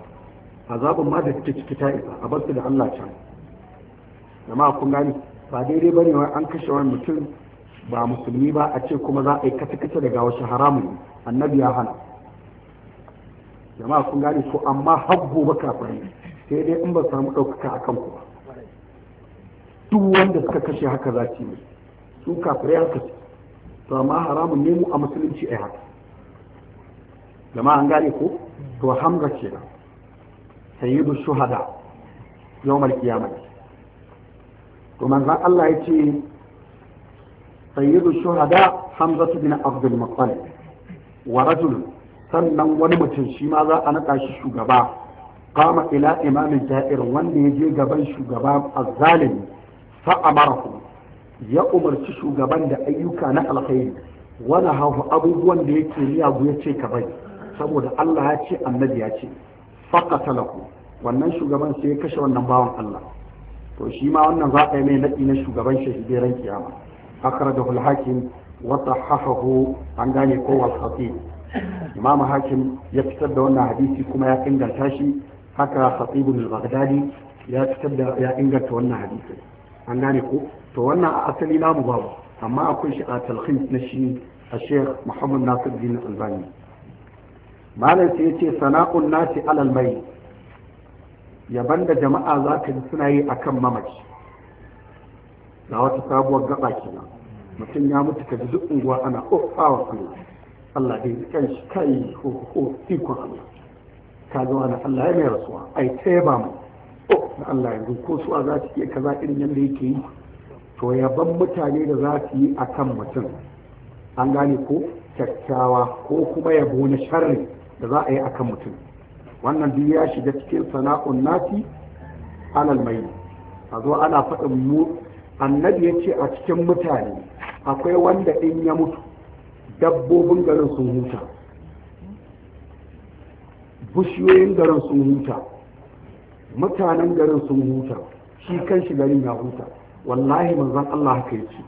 azabin ma da take ciki ta isa a su da Allah can jama'a kun gani ba daidai bane wai an kashe wani mutum ba musulmi ba a ce kuma za a yi kata-kata daga wasu ne annabi ya hana jama'a kun gane to amma habbo ba kafirai sai dai in ba samu ɗaukaka a kanku ba duk wanda suka kashe haka za su yi su kafirai haka ce to amma haramun ne mu a musulunci ai haka jama an gane ko to hamza ce da sayyidu shuhada yawmal qiyamah to manzon Allah yace sayyidu shuhada hamza bin abdul muttalib wa rajul sannan wani mutum shi ma za a naka shi shugaba kama ila imamin ja'ir wanda ya je gaban shugaba azzalimi fa amarahu ya umarci shugaban da ayyuka na alkhairi wani hafu abubuwan da yake miyagu ya ce ka bari saboda Allah ya ce annabi ya ce faƙata lahu wannan shugaban sai ya kashe wannan bawan Allah to shi ma wannan za a yi mai naɗi na shugaban shahidai ran kiyama raga al-hakim wa hafahu an gane ko wal khatib imam hakim ya fitar da wannan hadisi kuma ya inganta shi haka khatibul baghdadi ya fitar da ya inganta wannan hadisi an gane ko to wannan a asali namu babu amma akwai shi a talhin na shi a sheikh muhammad nasir din albani malam sai ce sana'un nasi alal mai yaban da jama'a za ka ji suna yi akan mamaci ga wata sabuwar gaba kenan mutum ya mutu ka ji duk unguwa ana kofawa oh, Allah Allah dai kan shi kai ko ko ikon Allah ka zo ana Allah ya mai rasuwa ai teba mu na Allah yanzu ko su a za su iya kaza irin yadda yake yi to yaban mutane da za su yi a kan mutum an gane ko kyakkyawa ko kuma yabo na sharri da za a yi a kan mutum wannan duk ya shiga cikin sana'un nati alal mai a zo ana faɗin mu annabi ya ce a cikin mutane akwai wanda in ya mutu dabbobin garin sun huta bushiyoyin garin sun huta mutanen garin sun huta shi kan shi garin ya huta wallahi manzan Allah haka yace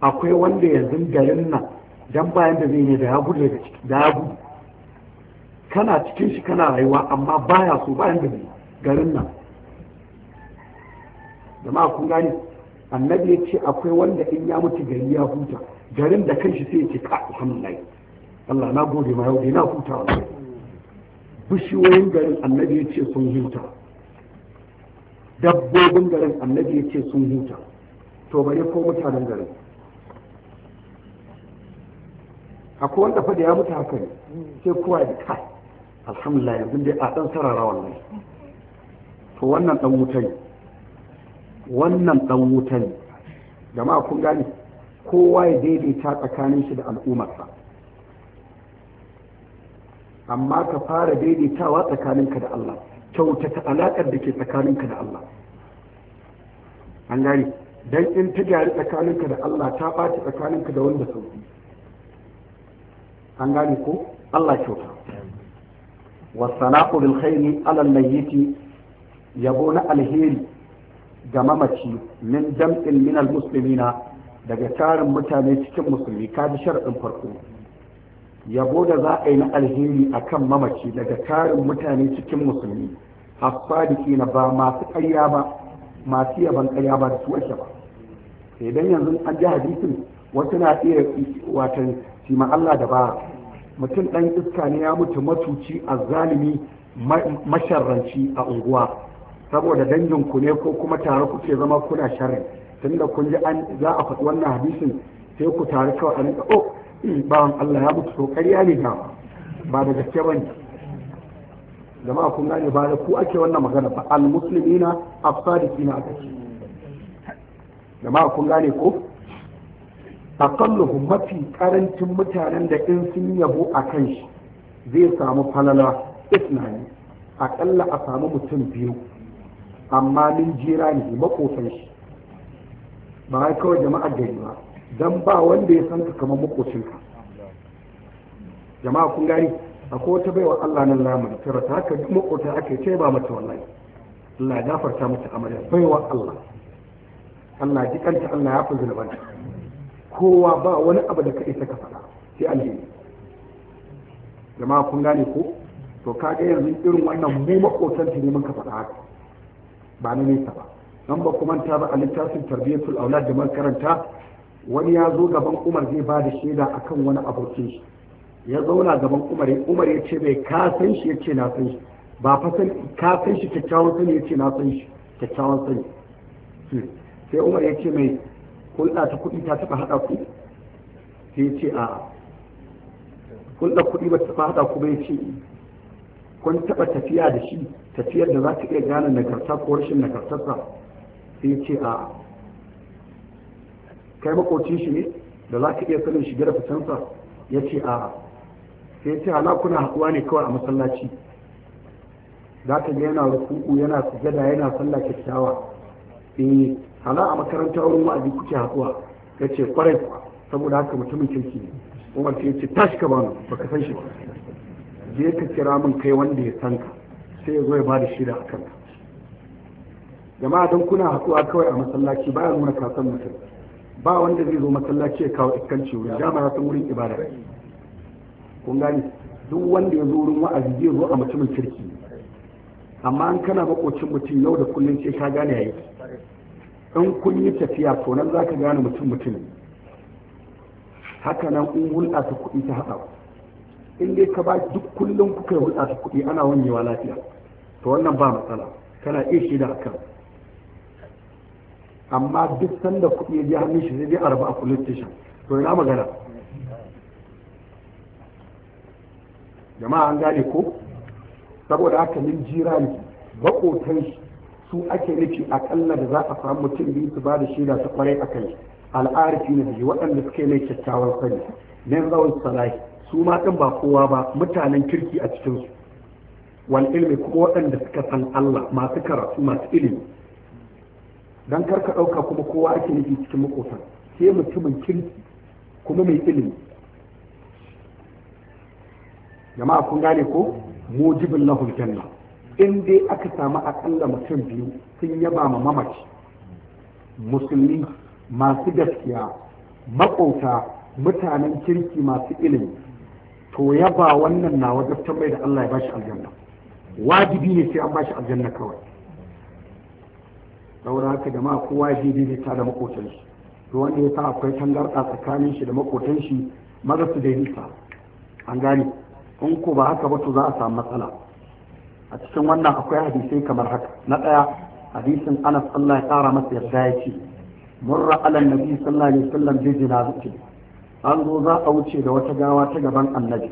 akwai wanda yanzu garin nan dan bayan da zai ne da ya gudu da da ya gudu kana cikin shi kana rayuwa amma baya so bayan da zai garin nan jama'a kun gani annabi ya ce akwai wanda in ya mutu gari ya huta garin da kanshi sai ya ce ka alhamdulillah Allah na gode ma yau na huta wallahi bishiyoyin garin annabi ya ce sun huta dabbobin garin annabi ya ce sun huta to bari ko mutanen garin akwai wanda fa da ya mutu haka ne sai kowa ya ka alhamdulillah yanzu dai a dan sarara wannan to wannan dan wuta ne wannan dan wuta ne jama'a kun gane kowa ya daidaita tsakanin shi da al'ummarsa amma ka fara daidaitawa tsakaninka da Allah kyautata alaƙar da ke tsakaninka da Allah an gane dan in ta gyari tsakaninka da Allah ta ɓata tsakaninka da wanda sauƙi. an gane ko Allah kyauta wasana'u bil khairi alal mayyiti yabo na alheri ga mamaci min jam'in min al muslimina daga tarin mutane cikin musulmi ka ji sharaɗin farko yabo da za a yi na alheri a kan mamaci daga tarin mutane cikin musulmi hasadiki na ba masu karya ba masu yaban karya ba da su ake ba sai dan yanzu an ji hadisin wasu na iya watan sima Allah da ba mutum ɗan iska ne ya mutu matuci a zalimi masharranci a unguwa saboda dangin ku ne ko kuma tare kuke zama kuna sharri tunda kun ji an za a faɗi wannan hadisin sai ku tare kawai a rinka oh bawan Allah ya mutu to ƙarya ne ta ba da gaske ba ne jama'a kun gane ba da ku ake wannan magana ba al muslimina as-sadiqina aka ce jama'a kun gane ko aqalluhum mafi karancin mutanen da in sun yabo a kan shi zai samu falala isnani aƙalla a samu mutum biyu amma min jira ne makosan shi ba kawai jama'a gari ba dan ba wanda ya san ka kamar makocinka jama'a kun gani akwai wata baiwa Allah nan lamar tara ta haka duk makota ake ce ba mata wallahi Allah ya gafarta mata amarya baiwa Allah Allah ji kanta Allah ya fi zulban kowa ba wani abu da ka isa ka faɗa sai alheri jama'a kun gane ko to ka ga yanzu irin wannan mu makotan ne mun ka faɗa haka ba na nesa ba nan ba kuma ta ba a littafin tarbiyatul aulad da man karanta wani ya zo gaban umar zai ba da shaida a kan wani abokin shi ya zauna gaban umar umar ya ce mai ka san shi ya ce na san shi ba fa san ka san shi kyakkyawan sani ya ce na san shi kyakkyawan sani hmm. sai umar ya ce mai hulɗa ta kuɗi ta taɓa haɗa ku sai ya ce a hulɗa kuɗi ba ta taɓa haɗa ku ba ya ce kun taɓa tafiya da shi tafiyar da za ta iya gane nagarta ko rashin nagartarsa sai ya ce a kai makocin shi ne da za ka iya sanin shiga da fitansa ya ce a sai ce ala kuna haɗuwa ne kawai a masallaci za ka ga yana rukuku yana sujada yana sallah kyakkyawa eh hala a makaranta wurin wa'azi kuke haɗuwa ya ce kwarai saboda haka mutumin kirki ne umar ce ce tashi ka bani ka san shi ba je ka kira min kai wanda ya san ka sai ya zo ya bada shida a kanka jama'a don kuna haɗuwa kawai a masallaci baya nuna kasan mutum ba wanda zai zo masallaci ya kawo iskanci wurin dama ya san wurin ibada kun gani duk wanda ya zo wurin wa'azi zai zo a mutumin kirki amma an kana makocin mutum yau da kullum sai ka gane yayi in kun yi tafiya to nan ka gane mutum mutum haka nan in hulɗa ta kuɗi ta haɗa in dai ka ba duk kullum kuka yi hulɗa ta kuɗi ana wanyewa lafiya to wannan ba matsala kana iya shida akan amma duk sanda kuɗi ya je hannun shi zai biya arba a police to ina magana jama'a an gane ko saboda haka min ne bakotan shi su ake nufi akalla da za a samu mutum biyu su ba da da su kwarai a kai al'arifi na biyu waɗanda suke mai kyakkyawan sani min zawon salahi su ma ɗin ba kowa ba mutanen kirki a cikinsu wal ilimi kuma waɗanda suka san Allah masu karatu masu ilimi don ka ɗauka kuma kowa ake nufi cikin makotan sai mutumin kirki kuma mai ilimi jama'a kun gane ko mujibin lahul janna in dai aka samu akalla mutum biyu sun yaba ma mamaci musulmi masu gaskiya makota mutanen kirki masu ilimi to yaba wannan na wajen mai da Allah ya bashi aljanna wajibi ne sai an bashi aljanna kawai saboda haka jama'a kowa ya daidai ta da makotan shi to wanda ya sa akwai tangarɗa tsakanin shi da makotan shi maza su nisa an gane in ku ba haka ba to za a samu matsala a cikin wannan akwai hadisai kamar haka na ɗaya hadisin anas allah ya ƙara masa yarda ya ce murra alan nabi sallallahu alaihi wasallam bi jinazati an zo za a wuce da wata gawa ta gaban annabi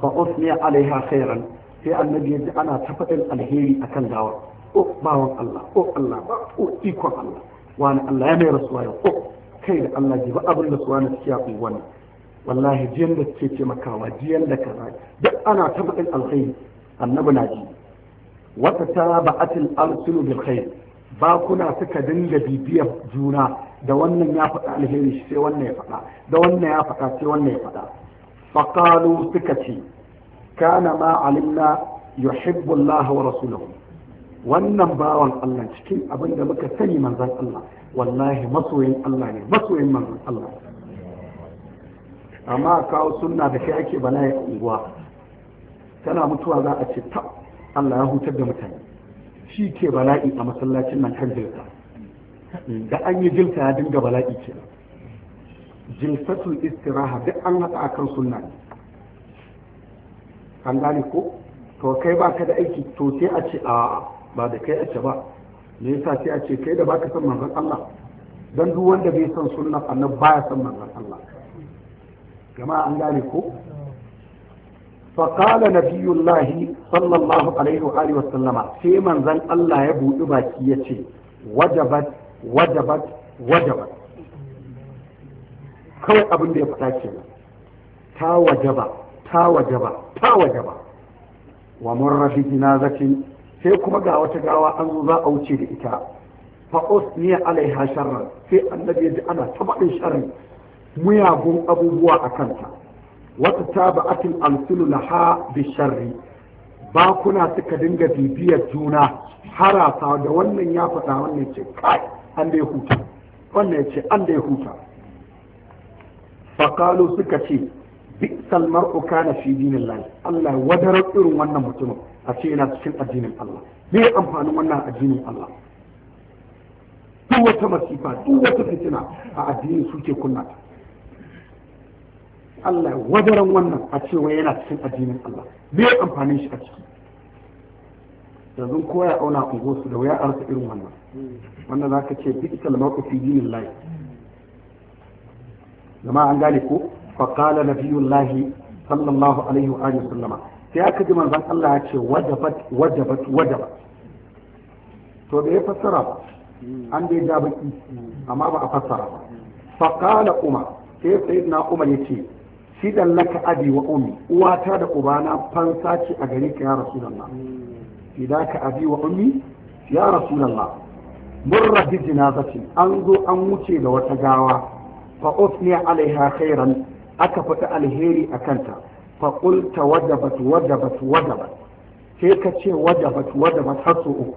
fa usmiya alaiha khairan sai annabi ya ji ana ta faɗin alheri akan gawar o oh, bawan Allah o oh, Allah ba o oh, ikon Allah wani Allah ya mai rasuwa yau o kai da Allah ji ba abin da suwa na cikin yaƙin wani wallahi jiyan da suke ce makawa jiyan da kaza duk ana ta faɗin alheri annabi na ji wata ta ba'atil alsulu bil khair bakuna suka dinga bibiyar juna da wannan ya faɗa alheri sai wannan ya faɗa da wannan ya faɗa sai wannan ya faɗa faqalu suka ce kana ma alimna yuhibbu Allah wa rasuluhu wannan bawan Allah cikin abin da muka sani manzon Allah wallahi masoyin Allah ne masoyin manzon Allah amma kawo sunna da shi ake bala'i unguwa tana mutuwa za a ce ta Allah ya hutar da mutane shi ke bala'i a masallacin nan kan jilta da an yi jilta ya dinga bala'i ke jilsatul istiraha duk an haɗa akan sunna ne an gane ko to kai ba ka da aiki to sai a ce a ba da kai a ce ba me yasa sai a ce kai da baka san manzon Allah dan duk wanda bai san sunnar annabi baya san manzon Allah jama'a an gane ko فقال نبي الله صلى الله عليه وآله وسلم في من ذن الله يبو wajabat. وجبت وجبت وجبت كوي أبن دي فتاكي تا وجبت ta wajaba ta wa murra bi jinazatin sai kuma ga wata gawa an zo za a wuce da ita fa usniya alaiha sharran sai annabi ya ji ana ta sharri muyagun abubuwa a kanta wata taba'atin amsilu laha bi sharri Ba bakuna suka dinga bibiyar juna harasa da wannan ya faɗa wannan ce kai an da huta wannan ya ce an da huta fakalu suka ce bi'sal mar'u kana fi dinillahi Allah wadarar irin wannan mutumin a ce yana cikin addinin Allah me amfanin wannan addinin Allah duk wata masifa duk wata fitina a addini suke kunna ta Allah wadaran wannan a cewa yana cikin addinin Allah me amfanin shi a ciki yanzu ko ya auna ungo su da wuya arsa irin wannan wannan zaka ce bi'sal mar'u fi dinillahi jama'a an gane ko faƙala na biyu lahi sallallahu alaihi wa sallama sai aka ji manzan Allah ya ce wajabat wajabat wajabat to da ya ba an dai ja baki amma ba a fassara ba faƙala umar sai sayyidina umar ya ce fidan laka abi wa ummi uwata da ubana fansa ce a gare ka ya rasulullah fidaka abi wa ya an zo an wuce da wata gawa fa usniya alaiha khairan aka faɗi alheri a kanta faƙulta wajabat wajabat wajabat sai ka ce wajabat wajabat har so uku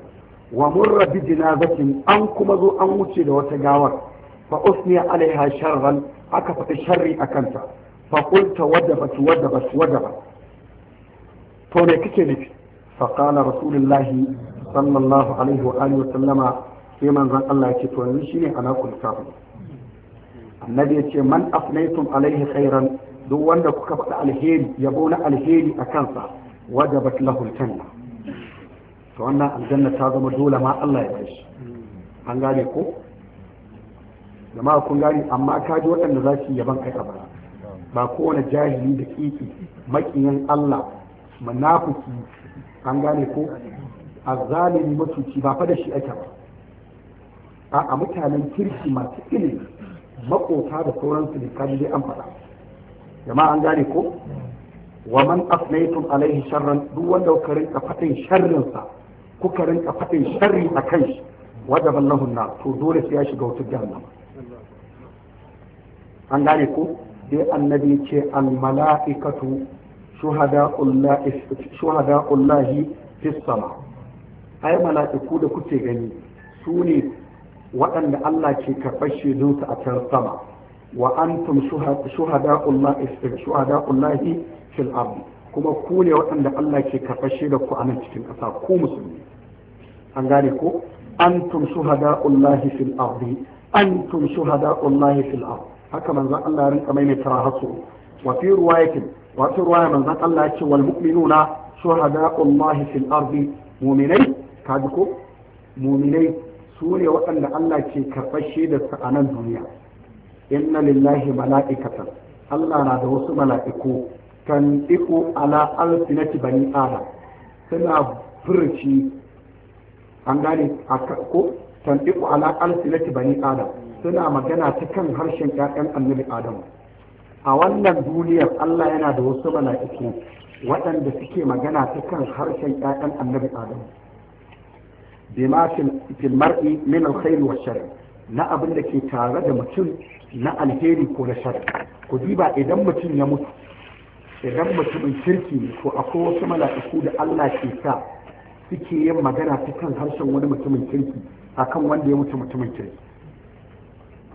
wa murra bi jinazatin an kuma zo an wuce da wata gawar fa usniya alaiha sharran aka faɗi sharri a kanta fa qulta wadabat wadabat wadabat to ne kike nufi fa qala rasulullah sallallahu alaihi wa alihi wa sallama sai manzon Allah ya ce to ni shine ana kulta annabi yace man afnaytum alaihi khairan duk wanda kuka faɗa alheri yabo na alheri a kansa wajabat lahu aljanna to wannan aljanna ta zama dole ma Allah ya kai an gane ko jama'a kun gane amma ka ji waɗanda za su yaban kai a bara ba kowane jahili da kiki makiyin Allah munafiki an gane ko azzalimi mutunci ba fa da shi ake ba a mutanen kirki masu ilimi makota da sauransu da kan an faɗa jama'a an gane ko wa man afnaytum alaihi sharran duk wanda kuka rinka fatin sharrin sa kuka rinka fatin sharri a kan shi wajaba lahu na to dole sai ya shiga wutar jahannama an gane ko sai annabi ce al mala'ikatu shuhada'ullahi fis sama ai mala'iku da kuke gani su ne waɗanda Allah ke karɓar shaidunsa a can sama wa antum shuhada'ullahi fil ardi kuma ku ne waɗanda Allah ke karɓar ku a nan cikin ƙasa ku musulmi an gane ko antum shuhada'ullahi fil ardi antum shuhada'ullahi fil ardi haka manzon Allah rinka maimaita hasu wa fi ruwayatin wa fi ruwaya manzon Allah ce wal mu'minuna shuhada'ullahi fil ardi mu'minai kaji ko mu'minai su ne waɗanda Allah ke karɓar su a nan duniya inna lillahi mala'ikatan Allah na da wasu mala'iku kan iko ala alfinati bani adam suna furci an gane ko kan iko ala alfinati bani adam suna magana ta kan harshen ƴaƴan annabi adam a wannan duniyar Allah yana da wasu mala'iku waɗanda suke magana ta kan harshen ƴaƴan annabi adam bima fil mar'i min alkhair wa shar na abin da ke tare da mutum na alheri ko na shar ku diba idan mutum ya mutu idan mutumin kirki ne ko akwai wasu mala'iku da Allah ke sa suke yin magana ta kan harshen wani mutumin kirki akan wanda ya mutu mutumin kirki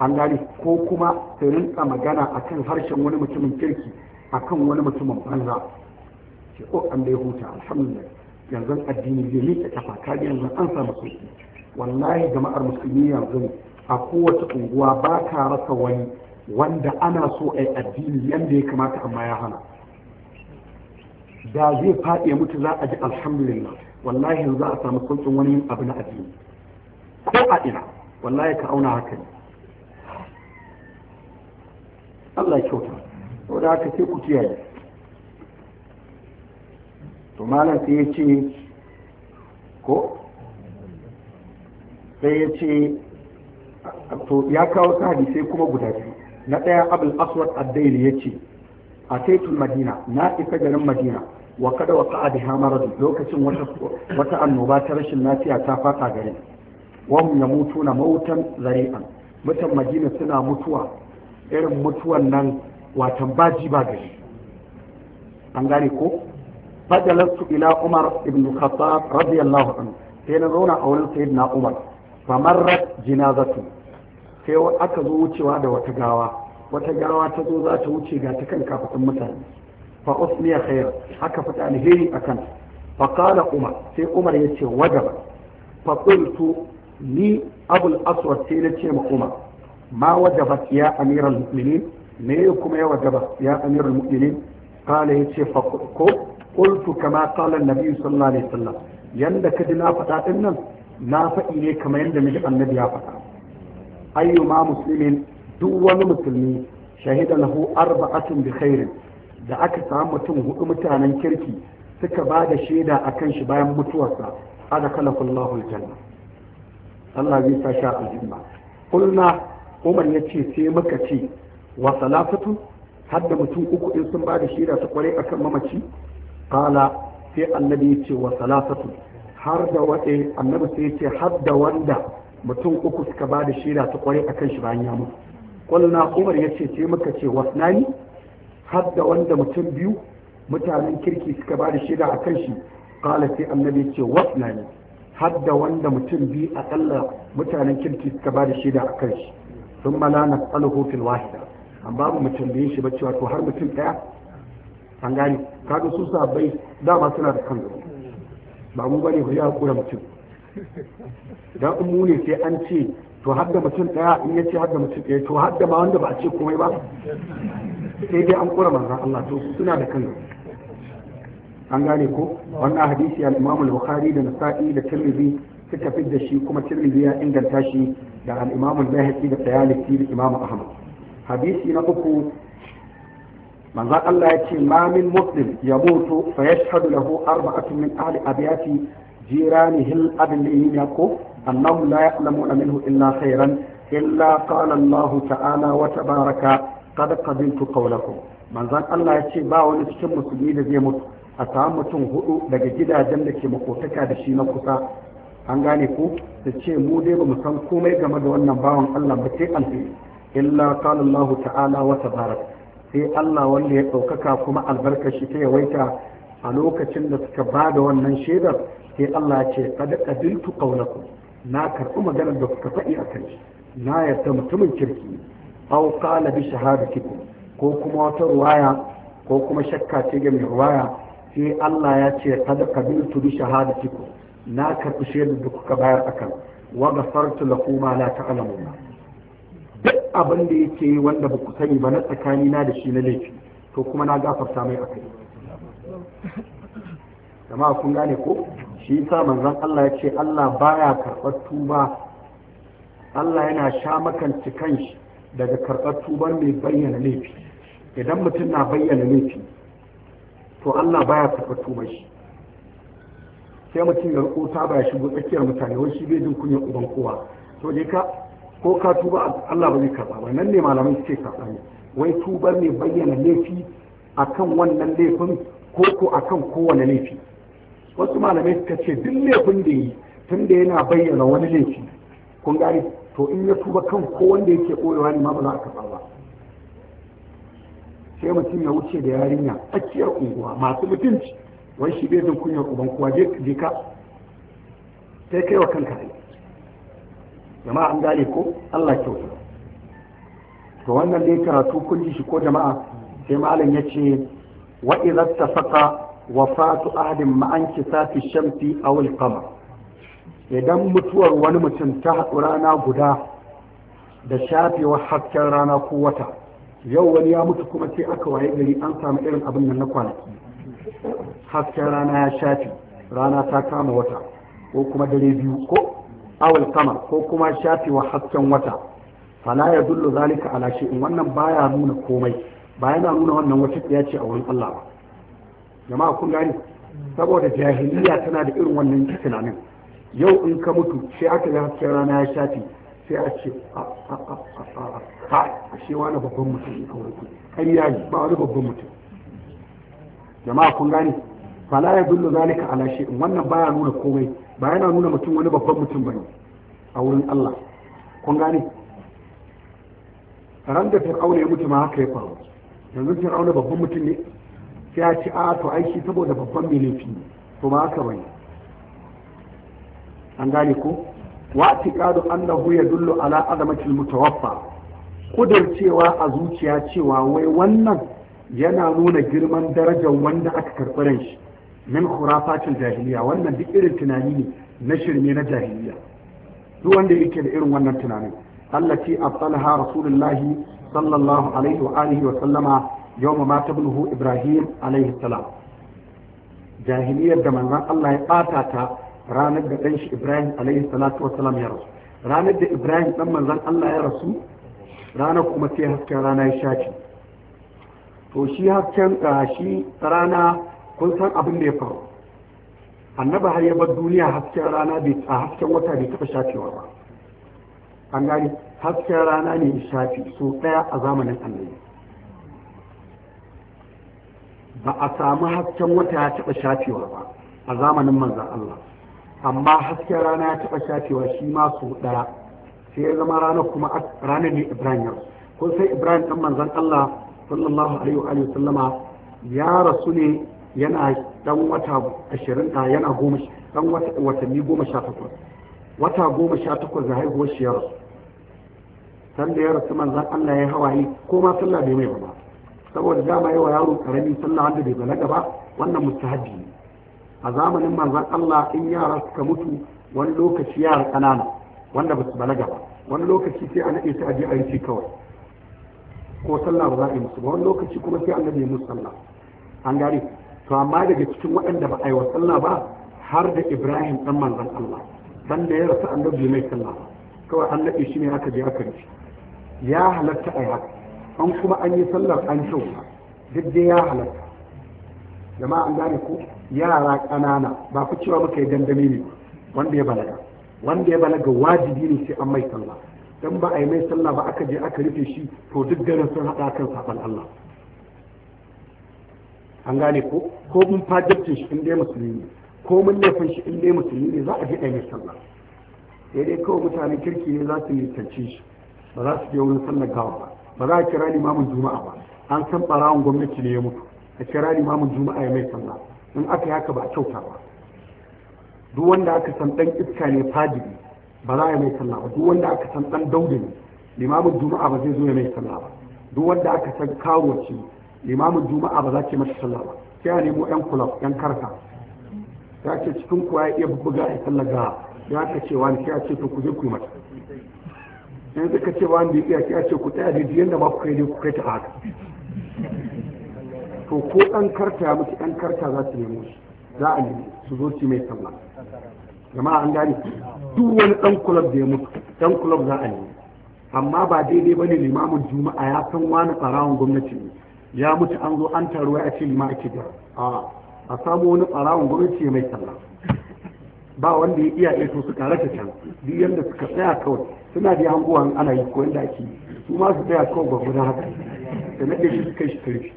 an gane ko kuma su rinka magana a kan harshen wani mutumin kirki akan wani mutumin banza ce ko an da ya huta alhamdulillah yanzu addini zai ta kafa kaga yanzu an samu sauki wallahi jama'ar musulmi yanzu a kowace unguwa ba ka rasa wani wanda ana so a yi addini yadda ya kamata amma ya hana da zai faɗi mutu za a ji alhamdulillah wallahi yanzu za a samu sauƙin wani abu na addini ko a ina wallahi ka auna haka ne Allah ya kyauta saboda haka sai ku kiyaye to malam sai ya ce ko sai ya ce to ya kawo sahadi sai kuma guda biyu na ɗaya abul aswad addaili ya ce a taitul madina na isa garin madina wa kada wa ka'a da lokacin wata annoba ta rashin lafiya ta fata garin wahum ya mutu na mautan zari'an mutan madina suna mutuwa irin mutuwan nan watan baji ba gari an gane ko fajalastu ila umar ibn khattab radiyallahu anhu sai na zauna a wurin sayyidina umar famarrat jinazatu sai aka zo wucewa da wata gawa wata gawa ta zo za ta wuce ga ta kan kafatun mutane fa usmiya khair haka fita alheri akan fa qala umar sai umar yace wajaba fa qultu ni abul aswad sai na ce ma umar ma wajaba ya amiral mu'minin me kuma ya wajaba ya amiral mu'minin qala yace fa ko qultu kama qala an-nabi sallallahu alaihi wasallam yanda kaji na faɗa nan na faɗi ne kamar yanda miji annabi ya faɗa ayyuma muslimin duk wani musulmi shahida lahu arba'atun bi khairin da aka samu mutum hudu mutanen kirki suka ba da shaida akan shi bayan mutuwarsa adakalahu Allahu aljanna Allah zai sa sha aljanna kulna Umar yace sai muka ce wa salafatu hadda mutum uku in sun ba da shaida ta kware akan mamaci qala sai annabi yace wa salasatu har da wade annabi sai yace har da wanda mutum uku suka ba da shaida ta a akan shi bayan ya mutu kwallona umar yace sai muka ce wasnani har da wanda mutum biyu mutanen kirki suka ba da shaida a shi qala sai annabi yace wasnani har da wanda mutum biyu akalla mutanen kirki suka ba da shaida a shi sun mala na tsalhu wahida amma mu tambaye shi ba cewa to har mutum ɗaya. an gane kaga su sabai dama suna da kan ba mu bane ku ya kura mutum dan in mu ne sai an ce to har da mutum daya in yace har da mutum daya to har da ma wanda ba a ce komai ba sai dai an kura manzon Allah to suna da kan an gane ko wannan hadisi al-Imam al-Bukhari da Nasa'i da Tirmidhi suka fi da shi kuma Tirmidhi ya inganta shi da al-Imam al bayhaqi da Tayalisi da Imam Ahmad hadisi na uku manzan Allah ya ce ma min muslim ya mutu fa yashhadu lahu arba'atun min ahli abiyati jiranihi al-adliyin yaqub annahum la ya'lamuna minhu illa khairan illa qala Allah ta'ala wa tabaraka qad qabiltu qawlakum manzan Allah ya ce ba wani cikin musulmi da zai mutu a samu mutum hudu daga gidajen da ke makotaka da shi na kusa an gane ku da ce mu dai ba mu san komai game da wannan bawan Allah ba sai alfi illa qala Allah ta'ala wa tabaraka sai Allah wanda ya ɗaukaka kuma albarkashi ta yawaita a lokacin da suka ba da wannan shaidar sai Allah ce kada qabiltu qawlakum na karɓi maganar da kuka faɗi a kai na yarda mutumin kirki aw qala bi shahadatikum ko kuma wata ruwaya ko kuma shakka ce ga mai ruwaya sai Allah ya ce kada qabiltu bi shahadatikum na karɓi shaidar da kuka bayar akan wa ghafartu lakum ma la ta'lamuna abin da yake yi wanda ba ku sani ba na tsakani na da shi na laifi to kuma na gafarta mai akai jama'a kun gane ko shi yasa manzon Allah ya ce Allah baya karɓar tuba Allah yana sha makanci kanshi daga karɓar tuban mai bayyana laifi idan mutum na bayyana laifi to Allah baya karɓar tuban shi sai mutum ya riko ta baya shigo tsakiyar mutane wai shi bai jin kunyar uban kowa to je ka ko ka tuba Allah ba zai karɓa ba nan ne malamai suke karɓa ne wai tubar ne bayyana laifi akan wannan laifin ko ko akan kowane laifi wasu malamai suka ce duk laifin da yi tun da yana bayyana wani laifi kun gani to in ya tuba kan ko wanda yake koyewa ne ma ba za a karɓa ba sai mutum ya wuce da yarinya tsakiyar unguwa masu mutunci wai shi bai jin kunyar uban kuwa je ka sai kai wa kanka aiki jama'a an gane ko Allah kyauta to wannan dai karatu kun ji shi ko jama'a sai malam ya ce wa idza tafaqa wafatu ahadin an kisafi shamsi aw al-qamar idan mutuwar wani mutum ta haɗu rana guda da shafewar hasken rana ko wata yau wani ya mutu kuma sai aka waye gari an samu irin abin nan na kwanaki hasken rana ya shafi rana ta kama wata ko kuma dare biyu ko awal kamar ko kuma shafi wa hasken wata fala ya dullu zalika ala in wannan baya nuna komai ba yana nuna wannan wata ya ce a wurin Allah ba jama'a kun gani saboda jahiliya tana da irin wannan tunanin yau in ka mutu sai aka ga hasken rana ya shafi sai a ce a a shi wani babban mutum ne kawai ku kan yayi ba wani babban mutum jama'a kun gani fala ya dullu zalika ala in wannan baya nuna komai ba yana nuna mutum wani babban mutum bane a wurin Allah kun gane ran da fir'auna ya mutu ma haka ya faru yanzu fir'auna babban mutum ne sai ya ci a to ai shi saboda babban mai laifi ne to ma haka bane an gane ko wa tiqadu annahu yadullu ala azamatil mutawaffa cewa a zuciya cewa wai wannan yana nuna girman darajar wanda aka karɓi shi min khurafatil jahiliya wannan duk irin tunani ne na shirme na jahiliya duk wanda yake da irin wannan tunanin allati afsalha rasulullahi sallallahu alaihi wa alihi wa sallama yawma ma tabluhu ibrahim alaihi salam jahiliyar da manzon Allah ya bata ta ranar da dan shi ibrahim alaihi salatu ya rasu ranar da ibrahim dan manzon Allah ya rasu ranar kuma sai hasken rana ya shaci to shi hasken ah, shi rana kun san abin da ya faru annaba har ya bar duniya hasken rana bai a hasken wata bai taɓa shafewa ba an gani hasken rana ne ya shafi so ɗaya a zamanin annabi ba a samu hasken wata ya taɓa shafewa ba a zamanin manzan Allah amma hasken rana ya taɓa shafewa shi ma so ɗaya sai ya zama ranar kuma ranar ne Ibrahim ya kun sai Ibrahim ɗan manzan Allah sallallahu alaihi wa sallama ya rasu ne yana dan wata ashirin a yana goma dan watanni goma sha takwas wata goma sha takwas da haihuwar shi ya rasu san da ya rasu manzan Allah ya hawaye ko ma sallah bai mai ba saboda dama yawa yaro karami sallah wanda bai balaga ba wannan mustahabi ne a zamanin manzan Allah in yara suka mutu wani lokaci yara ƙanana wanda ba su balaga ba wani lokaci sai a naɗe su a je a yi kawai ko sallah ba za a yi musu ba wani lokaci kuma sai annabi ya musu sallah an gari to amma daga cikin waɗanda ba a yi wa sallah ba har da ibrahim ɗan manzan allah dan da ya rasa annabi mai sallah kawai an naɗe shi ne aka je aka rufe ya halatta a haka an kuma an yi sallar an kyauta duk dai ya halatta jama'a an gane ko yara ƙanana ba ku cewa muka yi dandami ne wanda ya balaga wanda ya balaga wajibi ne sai an mai sallah dan ba a yi mai sallah ba aka je aka rufe shi to duk garin sun haɗa kan saban Allah an gane ko ko mun fajabcin shi in dai musulmi ne ko mun laifin shi in dai musulmi ne za a ji ɗaya sallah sai dai kawai mutane kirki ne za su yi nisance shi ba za su je wurin sallar gawa ba ba za a kira limamin juma'a ba an san barawon gwamnati ne ya mutu a kira limamin juma'a ya mai sallah in aka yi haka ba a kyauta ba duk wanda aka san ɗan iska ne fajiri ba za a mai sallah ba duk wanda aka san ɗan daudu ne limamin juma'a ba zai zo ya mai sallah ba duk wanda aka san karuwa ce limamin juma'a ba za ke mata sallah ba sai a nemo yan kulaf yan karka ya ce cikin kuwa ya iya buga a sallah ga ya ka ce wani sai a ce to ku je ku yi mata in ka ce wani bai iya sai a ce ku tsaya daidai yadda ba ku kai ne ku kai ta haka to ko ɗan karta ya mutu ɗan karta za su nemo shi za a nemo su zo su mai sallah jama'a an gane duk wani ɗan kulab da ya mutu ɗan kulab za a nemo amma ba daidai ba ne limamin juma'a ya san wani tsarawun gwamnati ne ya mutu an zo an taruwa a ce lima ake jira a samu wani ɓarawon gwamnati mai talla. ba wanda ya iya eto su kare ta can duk yanda suka tsaya kawai suna da hanguwan ana yi ko yadda ake su ma su tsaya kawai na haka da na ɗaya su kai shi karfi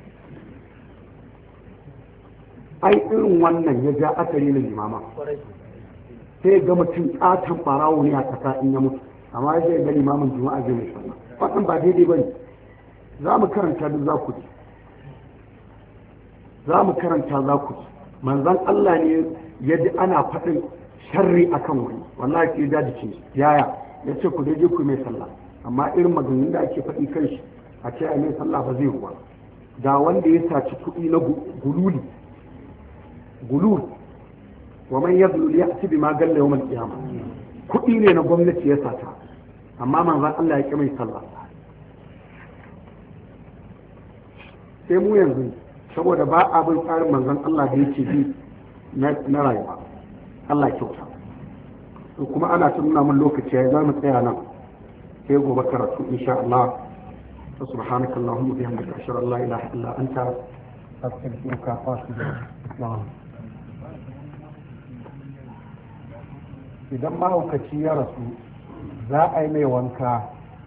ai irin wannan ya ja akari na limama sai ga mutum ƙaton ɓarawo ne a ƙasa in ya mutu amma ya ga limamin juma'a zai mai sallah wannan ba daidai ba ne za mu karanta duk za ku ji za mu karanta za ku ci. manzan Allah ne ya ji ana faɗin sharri kan wani wallahi ke da ce yaya ya ce ku daji ku mai sallah amma irin maganin da ake faɗi kan shi a ce a mai sallah ba zai ruwa ga wanda ya saci kuɗi na gululi gulul wa man yazlul ya'ti bima galla yawmal qiyamah kuɗi ne na gwamnati ya sata amma manzan Allah ya ƙi mai sallah sai mu yanzu saboda ba abin tsarin manzon Allah da yake bi na rayuwa Allah kyauta kuma ana ta nuna min lokaci ya za mu tsaya nan sai gobe karatu insha Allah ta subhanaka Allahumma bihamdika ashhadu an la ilaha illa anta astaghfiruka wa atubu idan mahaukaci ya rasu za a yi mai wanka